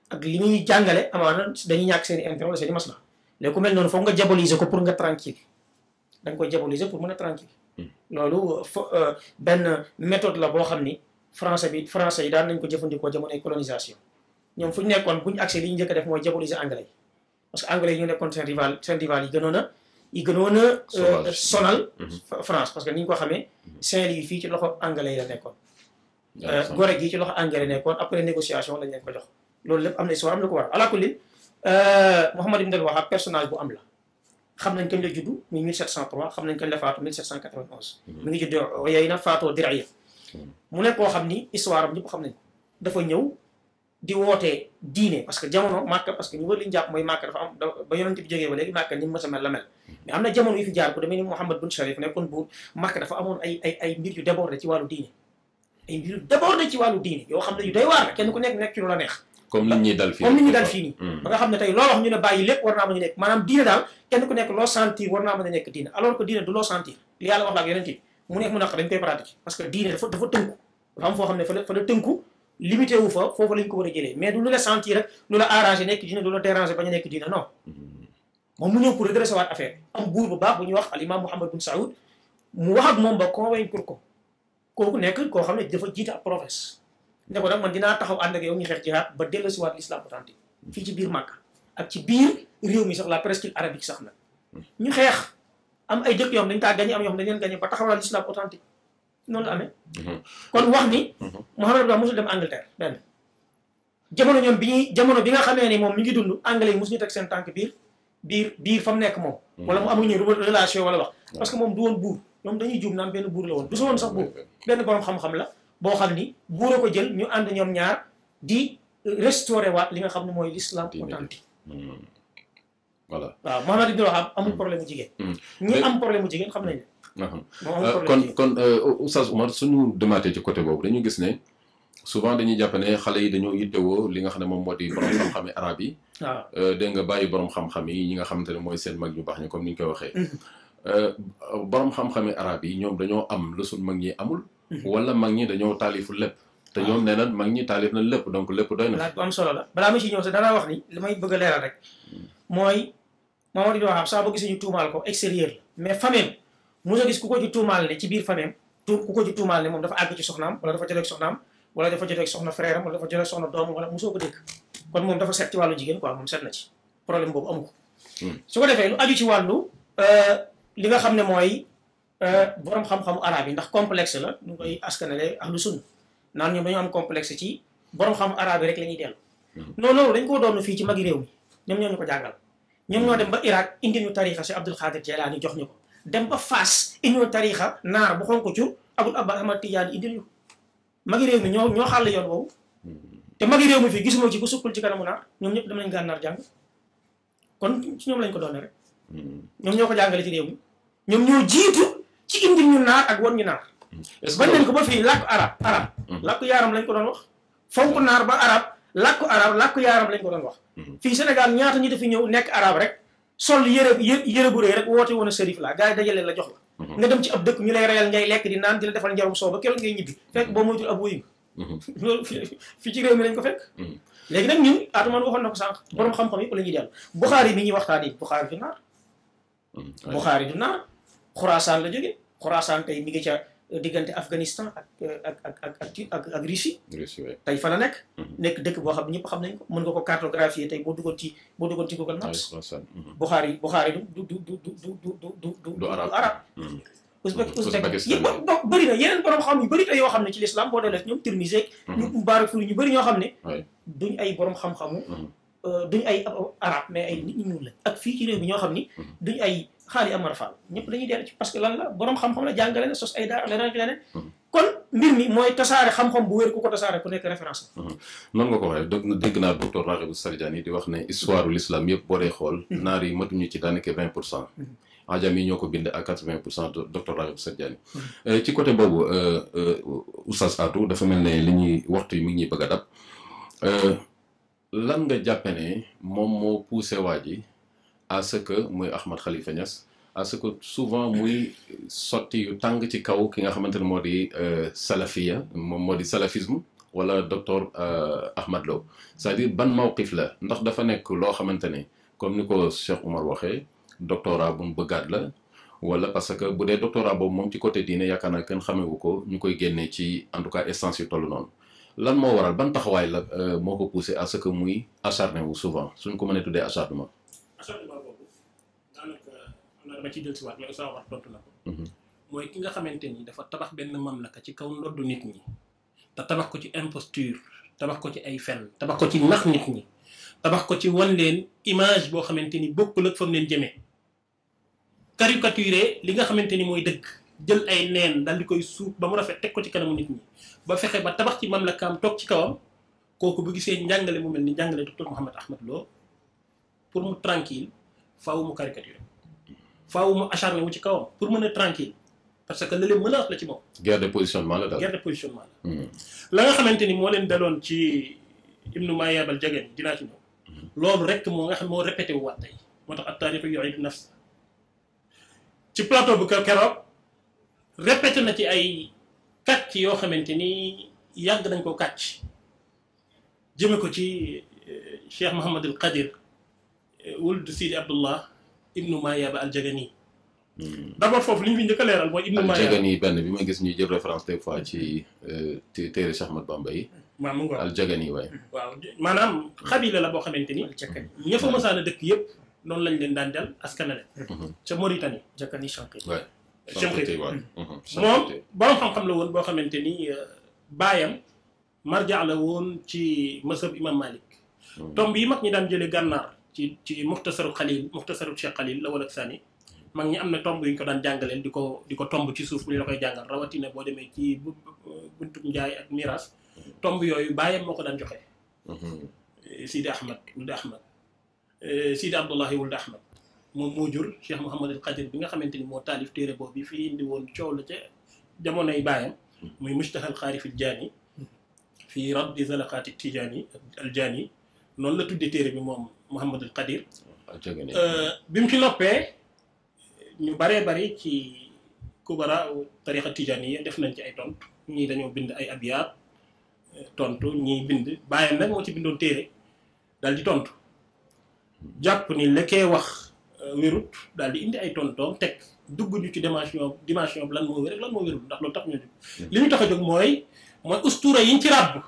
ak li ñuy jàngale amaana dañuy ñàkk seen i intérêt wala seen i masla léegi ku mel noonu foog nga diaboliser ko pour nga tranquille da koy diaboliser pour mën Mm. loolu fo euh, benn méthode la boo xam ni français bi français yi daan nañ ko jëfandikoo jamonoy colonisation ñoom fu ñu nekkoon bu accès li ñu njëkk def mooy diaboliser anglais yi parce que anglais yi ñu nekkoon seen rival seen rival yi gënoon a yi euh, sonal mm-hmm. France parce que ni ñu ko xamee mm-hmm. Saint-Louis fii ci loxo anglais yi la nekkoon euh, Gorée gi ci loxo anglais nekkoon après négociation lañ leen ko jox loolu lépp am na histoire am na ko war alaakulli Mouhamad Ibn Abdel Wahab personnage bu am la xam nañ kañ la juddu muy 1703 xam nañ kañ la faatu 1791. mi mhm. ngi juddoo Uyayna faatoo Diraya. Mhm. mu nekk xam ni histoire am ñëpp xam nañ dafa ñëw di wootee diine parce que jamono Màkka parce que ñu war li ñu jàpp mooy Màkka dafa am ba yonent bi jógee ba léegi Màkka ni mu mës a mel la mel mhm. mais am na jamono yu fi jaar bu demee ni Mouhamad bun Sharif nekkoon buur Màkka dafa amoon ay ay ay mbir yu débordé ci wàllu diine ay xam ne yu kenn ku nekk nekk ci lu la comme li ñuy dal fii comme li ñuy dal fii mm. ba nga xam ne tey loo wax ñu ne bàyyi lépp war naa mën a nekk maanaam diine daal kenn ku nekk loo sentir war naa mën a nekk diine alors que diine du loo sentir li yàlla wax la ak yeneen yi mu nekk mu naq dañ koy parce que diine dafa tënku dafa am foo foofu lañ ko war a jëlee mais du lu la sentir rek lu la nekk diine du mm. moom mu ñëw pour redresser waat affaire am buur bu baax bu ñuy wax al imam koo xam ne dafa jiite ne ko nag dinaa taxaw ànd ak yow ñu xeex jihaad ba dellusiwaat l'islam authentique fii ci biir Màkka ak ci biir réew mi sax la presqu'île arabique sax nag ñu xeex am ay dëkk yoo dañ dañu taa gañe am yoo xam dañu leen gañe ba taxawal l'islam authentique noonu la amee mhm. kon wax ni mhm. Mouhamed Abdallah mosul dem Angleterre benn jamono ñoom bi ñuy jamono bi nga xamee ne moom mi ngi dund anglais yi mosuñu teg seen tànk biir biir fa mu nekk moom mhm. wala mu amuñu relation wala wax parce que moom du woon buur benn buur la woon du sax buur benn borom xam-xam la boo xam ni buur a ko jël ñu ànd ñoom ñaar di restauré waa li nga xam ne mooy l'islam authentique hmm. voilà waaw Mohamed Ibn Wahab amul hmm. problème mu jigéen hmm. ñi am problème mu jigéen xam nañ ne euh, kon kon euh, Oustaz Oumar suñu demaatee ci côté boobu dañu gis ne souvent dañuy jàpp ne xale yi dañoo yittewoo li nga xam ne moom moo di borom euh, xam-xam yi yi waaw nga bàyyi boroom xam-xam ñi nga xamante ne mooy seen mag ñu baax ñu comme ni ñu koy waxee borom xam-xam yi arab yi ñoom dañoo am lu suñ mag ñi amul wala mag ñi dañoo taalifu lépp. te ah. ñoom nee mag ñi taalif na lépp donc lépp doy na. balaa ma ciy ñëw sax danaa wax ni li may bëgg a leeral rek. mooy Mamadou Diop xam saa boo gisee ñu tuumaal ko extérieur la. mais moom moom dafa ko. defee lu aju ci wàllu euh, li nga xam ne mooy Euh, borom xam-xamu arab yi ndax complexe la ñu koy askanale ahlu sunna naan ñoom dañu am complexe ci borom xam arab yi rek la ñuy dellu hmm. non loolu dañ koo doon fii ci magi réew mi ñoom ñoo ñu ko jàngal ñoom ñoo hmm. dem ba Irak indi ñu tarixa si Abdul Xaadir Jaylaani jox ñu ko dem ba Faas indi ñu tarixa naar bu xonk ci Abul Abbas Ahmad Tijaani indi ñu magi réew mi ñoo ñoo xàll yoon woowu hmm. te magi réew mi fii gisuma ci ku sukkul ci kanamu naar ñoom ñëpp dem nañ gànnaar jàng kon ci ñoom lañ ko doon rek ñoom ñoo ko jàngale ci réew mi ñoom ñoo jiitu ci indi ñu naar ak wan ñu naar bañ nañ ko ba fii làkku arab arab yaaram lañ ko doon wax fonk naar ba arab làkku arab làkku yaaram lañ ko doon wax fii Sénégal ñaata ñi dafi ñëw nekk araab rek sol yëre yëre bu rëy rek woote woon a sërif la gars yi dajale la jox la nga dem ci ab dëkk ñu lay reyal ngay lekk di naan di la defal njarum soow ba keroog ngay ñibbi fekk boo moytul ab wuyu loolu fii ci réew mi lañ ko fekk léegi nag ñun Atoumane waxoon na ko sànq borom xam-xam yëpp la ñuy dellu Buxaari bi ñuy waxtaan yi Buxaari du naar Buxaari du naar xuraasaan la jóge xuraasaan tey mi ngi a diggante Afghanistan ak ak ak ak ak ak Russie. Russie tey fa la nekk. nekk dëkk boo xam ne ñëpp xam nañ mën nga ko cartographier tey boo duggoon ci boo duggoon ci Google Maps. Bukhari Bukhari du du na yeneen borom xam yu bëri te yoo xam ne ci lislaam boo dooleeg ñoom Tirmizi ñu baara ñu bëri ñoo xam ne duñ ay borom xam-xamu duñ ay arab mais ay nit ñu ñuul la ak fii ci réew bi ñoo xam ni duñ ay xaar a Amar Fall ñëpp dañuy dellu ci parce que lan la xam-xam la jàngale na sos ay daara leneen ak leneen mhm. kon mbir mi mooy tasaare xam-xam bu wér ku ko tasaare ku nekk référence la mhm. noonu nga ko waxee dog na dégg naa docteur Raghibou Sardiani di wax ne histoire u l'islam yëpp boo dee xool mhm. naar yi matuñu ci daanaka vingt pour cent ajam yi ñoo ko bind à quatre vingt pour cent docteur Raghibou Sardiani euh, ci côté boobu euh, euh, oustaz Atou dafa mel ne li ñuy waxtu yi mi ngi ñuy bëgg a dab lan nga jàppe ne moom moo poussé waa ji à ce que muy Ahmad Khalifa Niass à ce que souvent muy sotti yu tàng ci kaw ki nga xamante ne moo di euh, salafiya moom moo di salafisme wala docteur euh, Ahmad Lo c'est-à-dire ban mawqif la ndax dafa nekk loo xamante ne comme ni ko Cheikh Oumar waxee doctorat bu mu bëggaat la wala parce que bu dee doctorat boobu moom ci côté diine yaakaar naa kenn xamewu ko ñu koy génne ci en tout cas essence yu toll noonu lan moo waral ban taxawaay la euh, moo ko poussé a ce que muy acharné wu souvent suñ ko mënee tuddee acharnement dama ciy dellusiwaat mais Ousmane wax tontu na mhm. mooy ki nga xamante ni dafa tabax benn mamlaka ci kaw ndoddu nit ñi. te tabax ko ci imposture tabax ko ci ay fen tabax ko ci nax nit ñi tabax ko ci wan leen image boo xamante ni bokkul ak fa mu leen jëmee. caricaturé li nga xamante ni mooy dëkk jël ay neen dal di koy suuf ba mu rafet teg ko ci kanamu nit ñi ba fexe ba tabax ci mamlakaam toog ci kawam kooku bu gisee njàngale mu mel ni njàngale docteur Mouhamed Ahmed Lo pour mu tranquille faaw mu caricaturé. faaw mu acharné wu ci kawam pour mën a tranquille parce que lële menace la ci moom. guerre de positionnement a daal guerre de positionnement la. Hmm. la nga xamante ni moo leen daloon ci ibnu maa yaabal jageen dinaa ci ñëw. loolu rek moo nga xam moo répété wu waat tey moo tax at-taarixu yu'iidu nafsa ci plateau na ci ay kàcc yoo xamante ni yàgg nañ ko kàcc ko ci euh, Cheikh Mouhamadul Qadir euh, wuldu Sidi Abdullah ibnu Mayaaba al-Jagani. Hmm. d'abord foofu li ñu fi njëkk a leeral mooy. ibnu Mayaaba al-Jagani benn bi ma gis ñu jël référence des fois ci euh, téere Cheikh Ahmad Bamba yi. waaw mu ngi waaw al-Jagani waaye. waaw maanaam xabila la boo xamante ni. al-Jagani ña fa dëkk yëpp noonu lañ leen daan del askanale. Mhm. ca Mauritanie Jagani Chankiri. waay Chankiri hmm. mhm. moom borom xam-xam la woon boo xamante ni euh, baayam marja la woon ci masab imam Malik. Mhm. tomb yi mag ñi daan jëlee gànnaar. ci ci muxtasaru xalil muxtasaru cheikh xalil la wala sani mag ñi am na tomb yu ñu ko daan jàngaleen di ko di ko tomb ci suuf bu ñu la koy jàngal rawatina boo demee ci buntum njaay ak miras tomb yooyu bàyyam moo ko daan joxe mm-hmm. Sidi Ahmad wulda Ahmad eh, Sidi Abdullahi wulda Ahmad moom moo jur Cheikh Mouhamadul Qadir bi nga xamante ni moo taalif téere boobu bi fii indi woon coow la ca jamonoy bàyyam mm-hmm. muy mustahal xaarifil jaani mm-hmm. fii raddi zalaqaati tijaani al jaani noonu la tudde bi moom Mouhamadul Qadir ah, euh, bi ci noppee ñu baree bari ci kubara tariqa tijaniya def nañ ci ay tontu ñii dañoo bind ay abiyaat euh, tontu ñii bind bàyyam nag moo ci bindoo téere daal di tontu jàpp ni lekkee wax euh, wérut daal di indi ay tontoom teg dugg ñu ci dimension dimension bi lan moo wér ak lan moo wérut ndax loolu tax ñu jóg hmm. li ñu tax a mooy mooy ustuura yiñ ci ràbb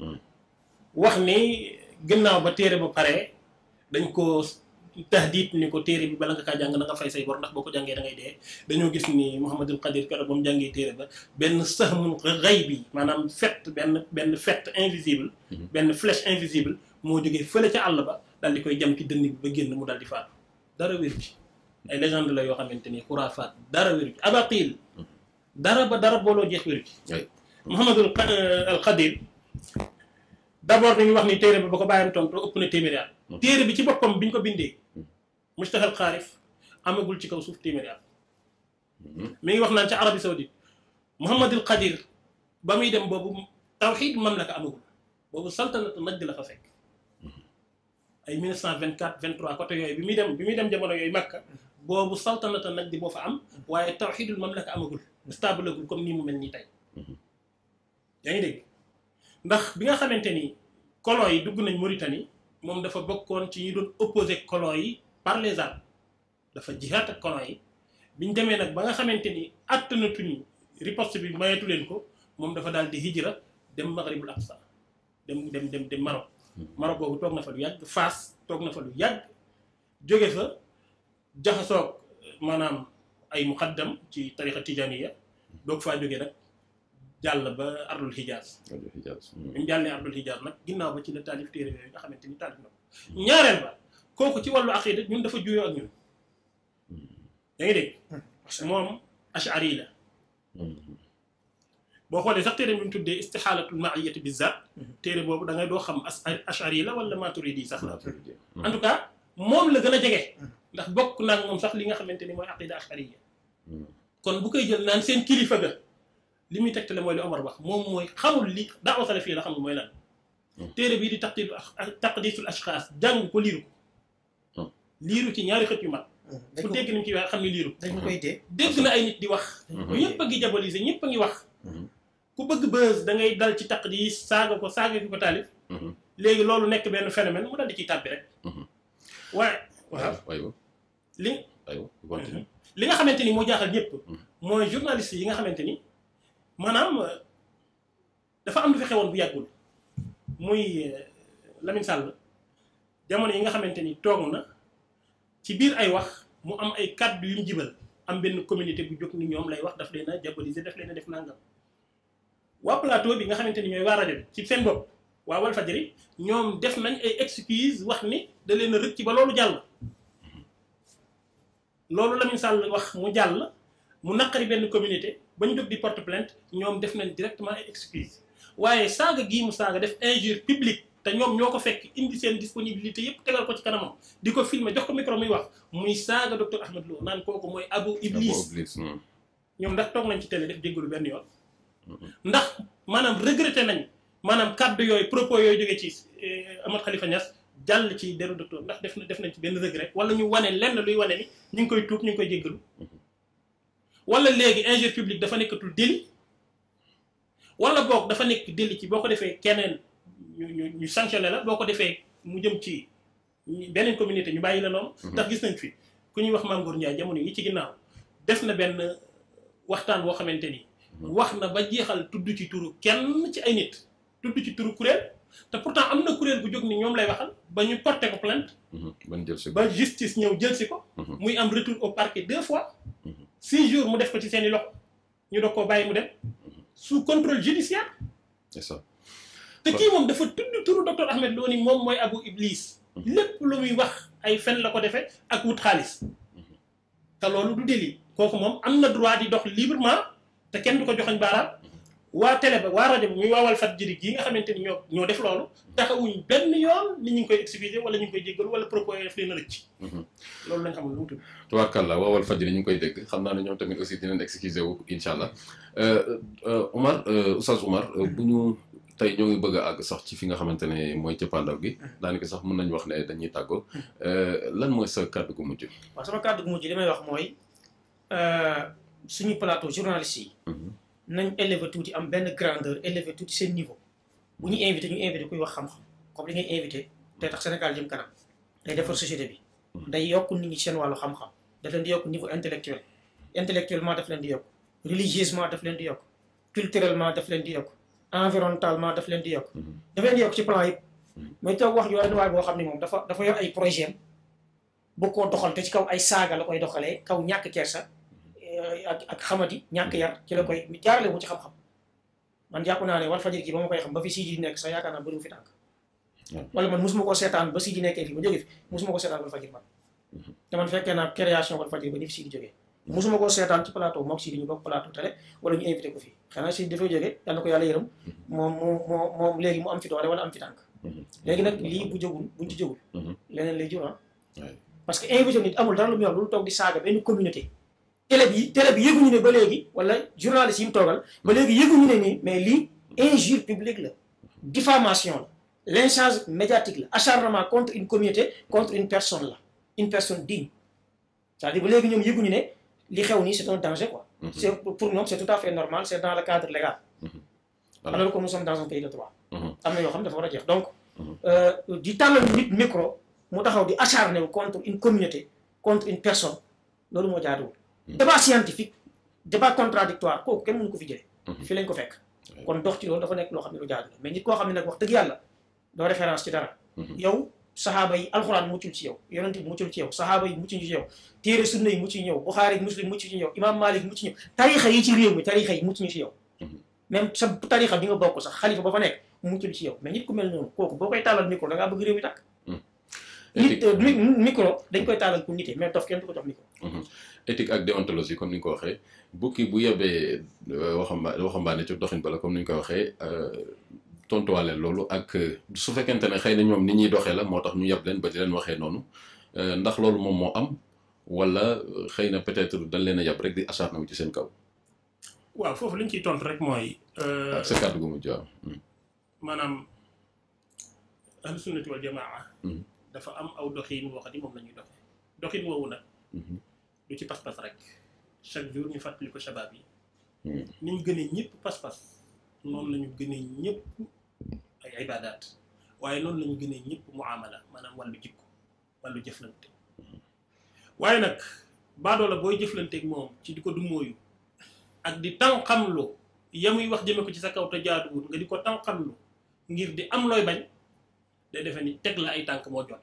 hmm. wax ni gannaaw ba téere ba pare dañ ko tahdid ni ko téere bi bala nga kaa jàng na nga fay say bor ndax boo ko jàngee da ngay dee dañoo gis ni Mouhamadul Qadir keroog ba mu jàngee téere ba benn sahmun ghaybi maanaam fett benn benn fett invisible mhm. benn flèche invisible moo jógee fële ca àll ba daal di koy jam ci dënn bi ba génn mu daal di faatu dara wér ci ay légende la yoo xamante ni xuraafaat dara wér ci abaqil dara ba dara booloo jeex wér ci Mouhamadul Qadir d'abord dañuy wax ni téere ba ba ko bàyyam tontu ëpp na téeméeri at téere bi ci boppam biñ ko bindee hmm. mustahal xaarif amagul ci kaw suuf téeméeri at hmm. mi ngi wax naan ca Arabie Saoudite Mouhamadul Qadir ba muy dem boobu tawxiid mamlaka amagul boobu saltanatu najd la fa fekk hmm. ay 1924 23 côté yooyu bi muy dem bi muy dem jamono yooyu Makka boobu saltanatu najd boo fa am waaye tawxiidul mamlaka amagul stable agul comme nii mu mel nii tey yaa ngi dégg ndax bi nga xamante ni colon yi dugg nañ Mauritanie moom dafa bokkoon ci ñu doon opposé colon yi par les armes dafa jihaat ak colon yi biñ demee nag ba nga xamante ni na attanatuñu riposte bi mayeetu leen ko moom dafa daal di hijra dem bu maghribul sax dem dem dem dem Maroc hmm. Maroc boobu toog na fa lu yàgg Faas toog na fa lu yàgg jóge fa jaxasoog maanaam ay muqaddam ci tariqa tijaniya doog faa jóge nag jàll ba Ardul Hijaz. Ardul Hijaz. Hmm. bi mu jàllee Ardul Hijaz nag ginnaaw ba ci la taalif téere yooyu nga xamante ni taalif na ko. kooku ci wàllu aqida ñun dafa juyoo ak ñun. da hmm. ngay hmm. que moom ashari boo xoolee sax téere bi mu tuddee istixaalatul maiyati bi zat boobu da doo xam as ashari la wala maturidi sax la. en tout moom la gën a jege. ndax bokk naa moom sax li nga xamante ni mooy aqida ashariya kon bu koy jël naan seen kilifa ga. li muy tegtale mooy li Omar wax moom mooy xamul li daawa salafiyya la xamul mooy lan. Hmm. téere bii di taqdiisul taqdiisul ashxaas jàng ko liiru ko. Hmm. liiru ci ñaari xët yu mag. fu hmm. dégg ni mu ci wax xam ni liiru. dañu koy dee dégg na ay nit di wax. ñëpp a ngi diaboliser ñëpp a ngi wax. ku bëgg buzz da ngay dal ci taqdiis saaga ko saaga ko ko taalif. léegi loolu nekk benn phénomène mu dal di ciy tàbbi rek. waaye. waaw li. li nga xamante ni moo jaaxal ñëpp. mooy journaliste yi nga xamante ni. maanaam euh, dafa am lu fi xewoon bu yàggul muy euh, Lamine sàll jamono yi nga xamante ni toog na ci biir ay wax mu am ay kàddu yu mu jibal am benn communauté bu jóg ni ñoom lay wax daf leen a diaboliser daf leen a def nangam waa plateau bi nga xamante ni ñooy waa rajo bi ci seen bopp waa Walfadjri ñoom def nañ ay excuse wax ni da leen a rëcc ba loolu jàll. loolu Lamine Sall wax mu jàll mu naqari benn communauté. ba ñu jóg di porte plainte ñoom def nañ directement ay excuse waaye saaga gii mu saaga def injure publique te ñoom ñoo ko fekk indi seen disponibilité yëpp tegal ko ci kanamam di ko filmer jox ko micro muy wax muy saaga docteur Ahmed Lo naan kooku mooy Abu Iblis hmm. ñoom ndax toog nañ ci télé def jéggalu benn yoon hmm. ndax maanaam regretté nañ maanaam kàddu yooyu propos yooyu jógee ci eh, Ahmed Khalifa Niass jàll ci deru docteur ndax def na def nañ ci benn regret wala ñu wane lenn luy wane ñu ngi koy tuub ñu ngi koy jéggalu hmm. wala léegi injure publique dafa nekkatul délit wala boog dafa nekk délit ci boo ko defee keneen ñu ñu ñu sanctionné la boo ko defee mu jëm ci beneen communauté ñu bàyyi la noonu. Mhm. ndax gis nañ fii ku ñuy wax Mame Goor jamono yi ci ginnaaw def na benn waxtaan boo xamante ni. Mhm. wax na ba jeexal tudd ci turu kenn ci ay nit. tudd ci turu kuréel te pourtant am na kuréel bu jóg ni ñoom lay waxal ba ñu porté ko plainte. Mhm. ba jël si ba justice ñëw jël si ko. muy am retour au parquet deux fois. six jour mu def ko ci seen i loxo ñu doog koo bàyyi mu dem sous contrôle judiciaire. c'est ça te kii moom dafa tudd turu docteur Ahmed Lo ni moom mooy Abu Iblis. lépp lu muy wax ay fen la ko defee ak wut xaalis. te loolu du délit kooku moom am na droit di dox librement te kenn du ko joxoñ baaraam. waa télé ba waa rajo bi muy waawal fat jëri gii nga xamante ni ñoo ñoo def loolu taxawuñ benn yoon ni ñu ngi koy excuser wala ñu ngi koy wala propos def leen mhm. loolu lañ xamul lu mu tudd tubaarkàlla waawal fat jëri ñu ngi koy dégg xam naa ne ñoom tamit aussi dinañ excuser wu incha allah euh, euh, Omar euh, Oustaz Omar bu ñu tey ñoo ngi bëgg àgg sax ci fi nga xamante ne mooy cëppaandaw gi mhm. daanaka sax mën nañu wax ne dañuy tàggoo lan mooy sa kàddu gu mujj waaw sama kàddu gu mujj li wax mooy suñu plateau journaliste yi mhm. nañ élever tuuti am benn grandeur élever tuuti seen niveau bu ñu invité ñu invité kuy wax xam-xam comme li ngay invité te tax Sénégal jëm kanam day defar société bi hmm. day yokk nit ñi seen wàllu xam-xam daf leen di yokk niveau intellectuel daf leen di yokk religieusement daf leen di yokk culturellement daf leen di yokk environnementalement daf leen di yokk hmm. daf leen di yokk ci plan yëpp hmm. mais toog wax yooyu waaye boo xam ne moom dafa dafa yor ay projet bu koo doxal te ci kaw ay saaga la koy doxalee kaw ñàkk kersa ak ak xamati ñàkk mm. yar ci la koy jaarale mu ci xam-xam man jàpp naa ne fajir gi ba ma koy xam ba fi Sidi di nekk sax yaakaar naa bëriwu fi tànk wala man musuma ko seetaan ba Sidi nekkee fii ba jógee fi musuma ko seetaan wal fajir man mm-hmm. ci plateau mook Sidi ñu bokk plateau télé wala ñu invité ko fii xanaa Sidi dafay jógee yàlla yërëm mm-hmm. moom moom léegi mu am fi mm-hmm. léegi nag lii bu jógul buñ ci jógul leneen lay jur ah. parce que invité nit amul dara lu muy wax télé bi télé bi yëguñu ne ba léegi wala journaliste yi mu toogal ba léegi yëguñu ne ni mais lii injure publique la diffamation la lynchage médiatique la acharnement contre une communauté contre une personne la une personne digne c'est-à-dire ba léegi ñoom yëguñu ne li xew nii c'est un danger quoi mhm. c'est pour ñoom c'est tout à fait normal c'est dans le cadre légal mhm. alors que nous sommes dans un pays de droit mhm. am yoo xam dafa war a jeex donc euh, di tàllal nit micro mu taxaw di acharné wu contre une communauté contre une personne loolu moo jaaduwul Mm. débat scientifique débat contradictoire kooku kenn mënu ko fi jëlee mm-hmm. fii lañ ko fekk kon dox ci loolu dafa nekk loo xam ne lu koo xam ne nag wax dëgg yàlla doo référence ci dara mm-hmm. yow saxaaba muccul ci yow yonente tarixa mm-hmm. bi nga bokk sax xalifa ba fa nekk muccul ci yow mais nit ku mel noonu kooku boo koy tàllal micro da bëgg réew mi tàkk nit euh, dañ koy tàllal ku nite mais dof kenn du ko jox micro éthique ak déontologie comme ni nga ko waxee bukki bu yebee euh, waxamba waxambaane ci doxin bala comme ni ñu ko waxee euh, tontuwaale loolu ak euh, su fekkente ne xëy na moom ni ñuy doxee la moo tax ñu yeb leen ba di leen waxee noonu ndax loolu moom moo am walla xëy na peut-être dañ leen a yab rek di acharné wu ci seen kaw. waaw foofu li ñu ciy tontu rek mooy. ak sa kàddu gu mujj waaw. Hmm. maanaam ahlu sunnati wal jamaa. Hmm. dafa am aw doxiin woo xam ni moom la doxee doxiin woowu nag. Hmm. lu ci pas-pas rek chaque jour ñu fàttali ko shabab yi hmm. ni ñu gënee ñëpp pas-pas noonu lañu ñu gënee ñëpp ay ibaadaat waaye noonu la ñu gënee ñëpp muamala maanaam wàllu jikko wallu jëflante waaye nag baadoola booy jëflanteeg moom ci di ko dumóoyu ak di tànqamlu yamuy wax jëme ko ci sa kaw te nga di ko tànqamlu ngir di am looy bañ day defe ni teg la ay tànk moo jot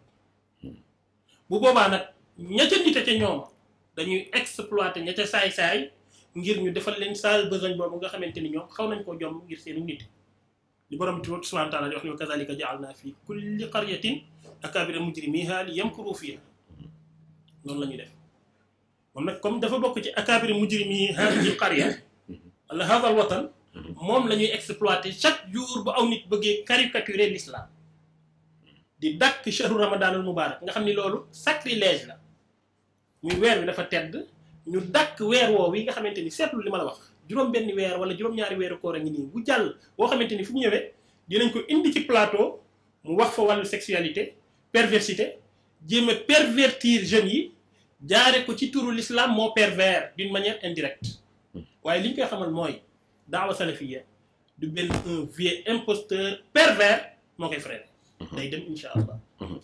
hmm. bu boobaa nag ña ca nite ca ñoom dañuy exploité ña ca saay-saay ngir ñu defal leen sale besogne boobu nga xamante ni ñoom xaw nañ koo jom ngir seenu nit li borom bi subhanahu wa taala di wax ni wa kazalika ja'alna fi kulli qaryatin akabira mujrimiha li yamkuru fiha noonu la ñu def moom nag comme dafa bokk ci akabira mujrimiha ci qarya la hada al watan moom la exploité chaque jour bu aw nit bëggee caricaturer l'islam di dàkk chahru ramadan al mubarak nga xam ni loolu sacrilège la muy weer wi dafa tedd ñu dàkk weer woo wi nga xamante ni seetlu li ma la wax juróom benn weer wala juróom-ñaari weeru koor a ngi nii bu jàll boo xamante ni fu mu ñëwee dinañ ko indi ci plateau mu wax fa wàll sexualité perversité jéem a pervertir jeunes yi jaare ko ci turu l'islam moo pervers d'une manière indirecte waaye li ñu koy xamal mooy daawa salafiya du benn un vieux imposteur pervers moo koy freiné Mhm. day dem incha allah. Mhm.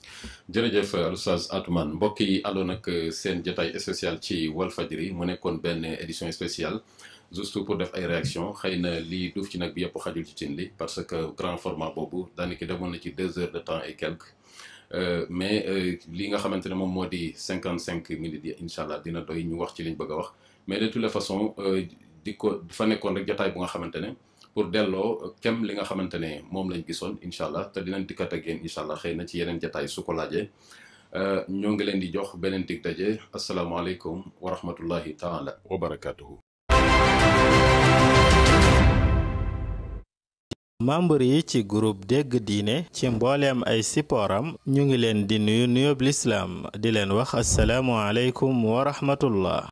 jërëjëf euh, Oustaz Atoumane mbokk yi àndoon ak euh, seen jotaay spécial ci Walfadjri mu nekkoon benn édition spéciale juste pour def ay réaction xëy na lii duuf ci nag bi yëpp xajul ci cin li parce que grand format boobu daanaka demoon na ci deux heures de temps et quelques. Euh, mais euh, li nga xamante ne moom moo di cinquante cinq minutes yi incha allah dina doy ñu wax ci lañu bëgg wax mais de toutes les façons di ko fa nekkoon rek jotaay bu nga xamante ne pour delloo kem li nga xamante ne moom lañ gisoon incha allah te dinañ dikkat ak yéen incha allah xëy na ci yeneen jataay su ko laajee euh, ñoo ngi leen di jox beneen dig daje asalaamaaleykum wa rahmatullahi taala wa barakaatuhu. membre yi ci groupe dégg diine ci mbooleem ay sipooram ñu ngi leen di nuyu nuyoob lislaam di leen wax asalaamualeykum wa rahmatullah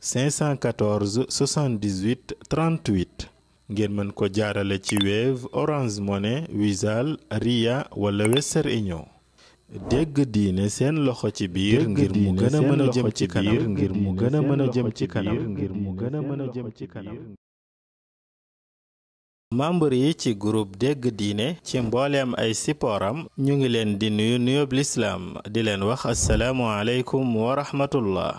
514 78 38 ngeen mën ko jaarale ci Wave Orange Money Wizall Ria wala Western Union. dégg diine seen loxo ci biir ngir mu gën a mën a jëm ci kanam ngir mu gën a mën a jëm ci kanam ngir mu gën a mën a jëm ci kanam. membre yi ci groupe dégg diine ci mbooleem ay sippooram ñu ngi leen di nuyu nuyoob lislaam di leen wax asalaamu aleykum wa rahmatullah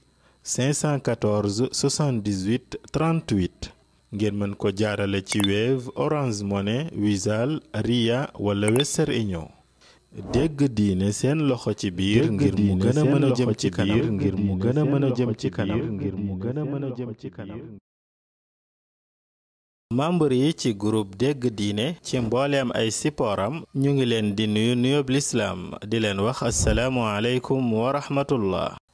514 78 38 ngeen mën ko jaarale ci Wave Orange Money Wizall Ria wala Western Union. dégg diine seen loxo ci biir ngir mu gën a mën a jëm ci kanam ngir mu gën a mën a jëm ci kanam ngir mu gën a mën a jëm ci kanam. membre yi ci groupe dégg diine ci mbooleem ay sippooram ñu ngi leen di nuyu nuyoob lislaam di leen wax asalaamu aleykum wa rahmatullah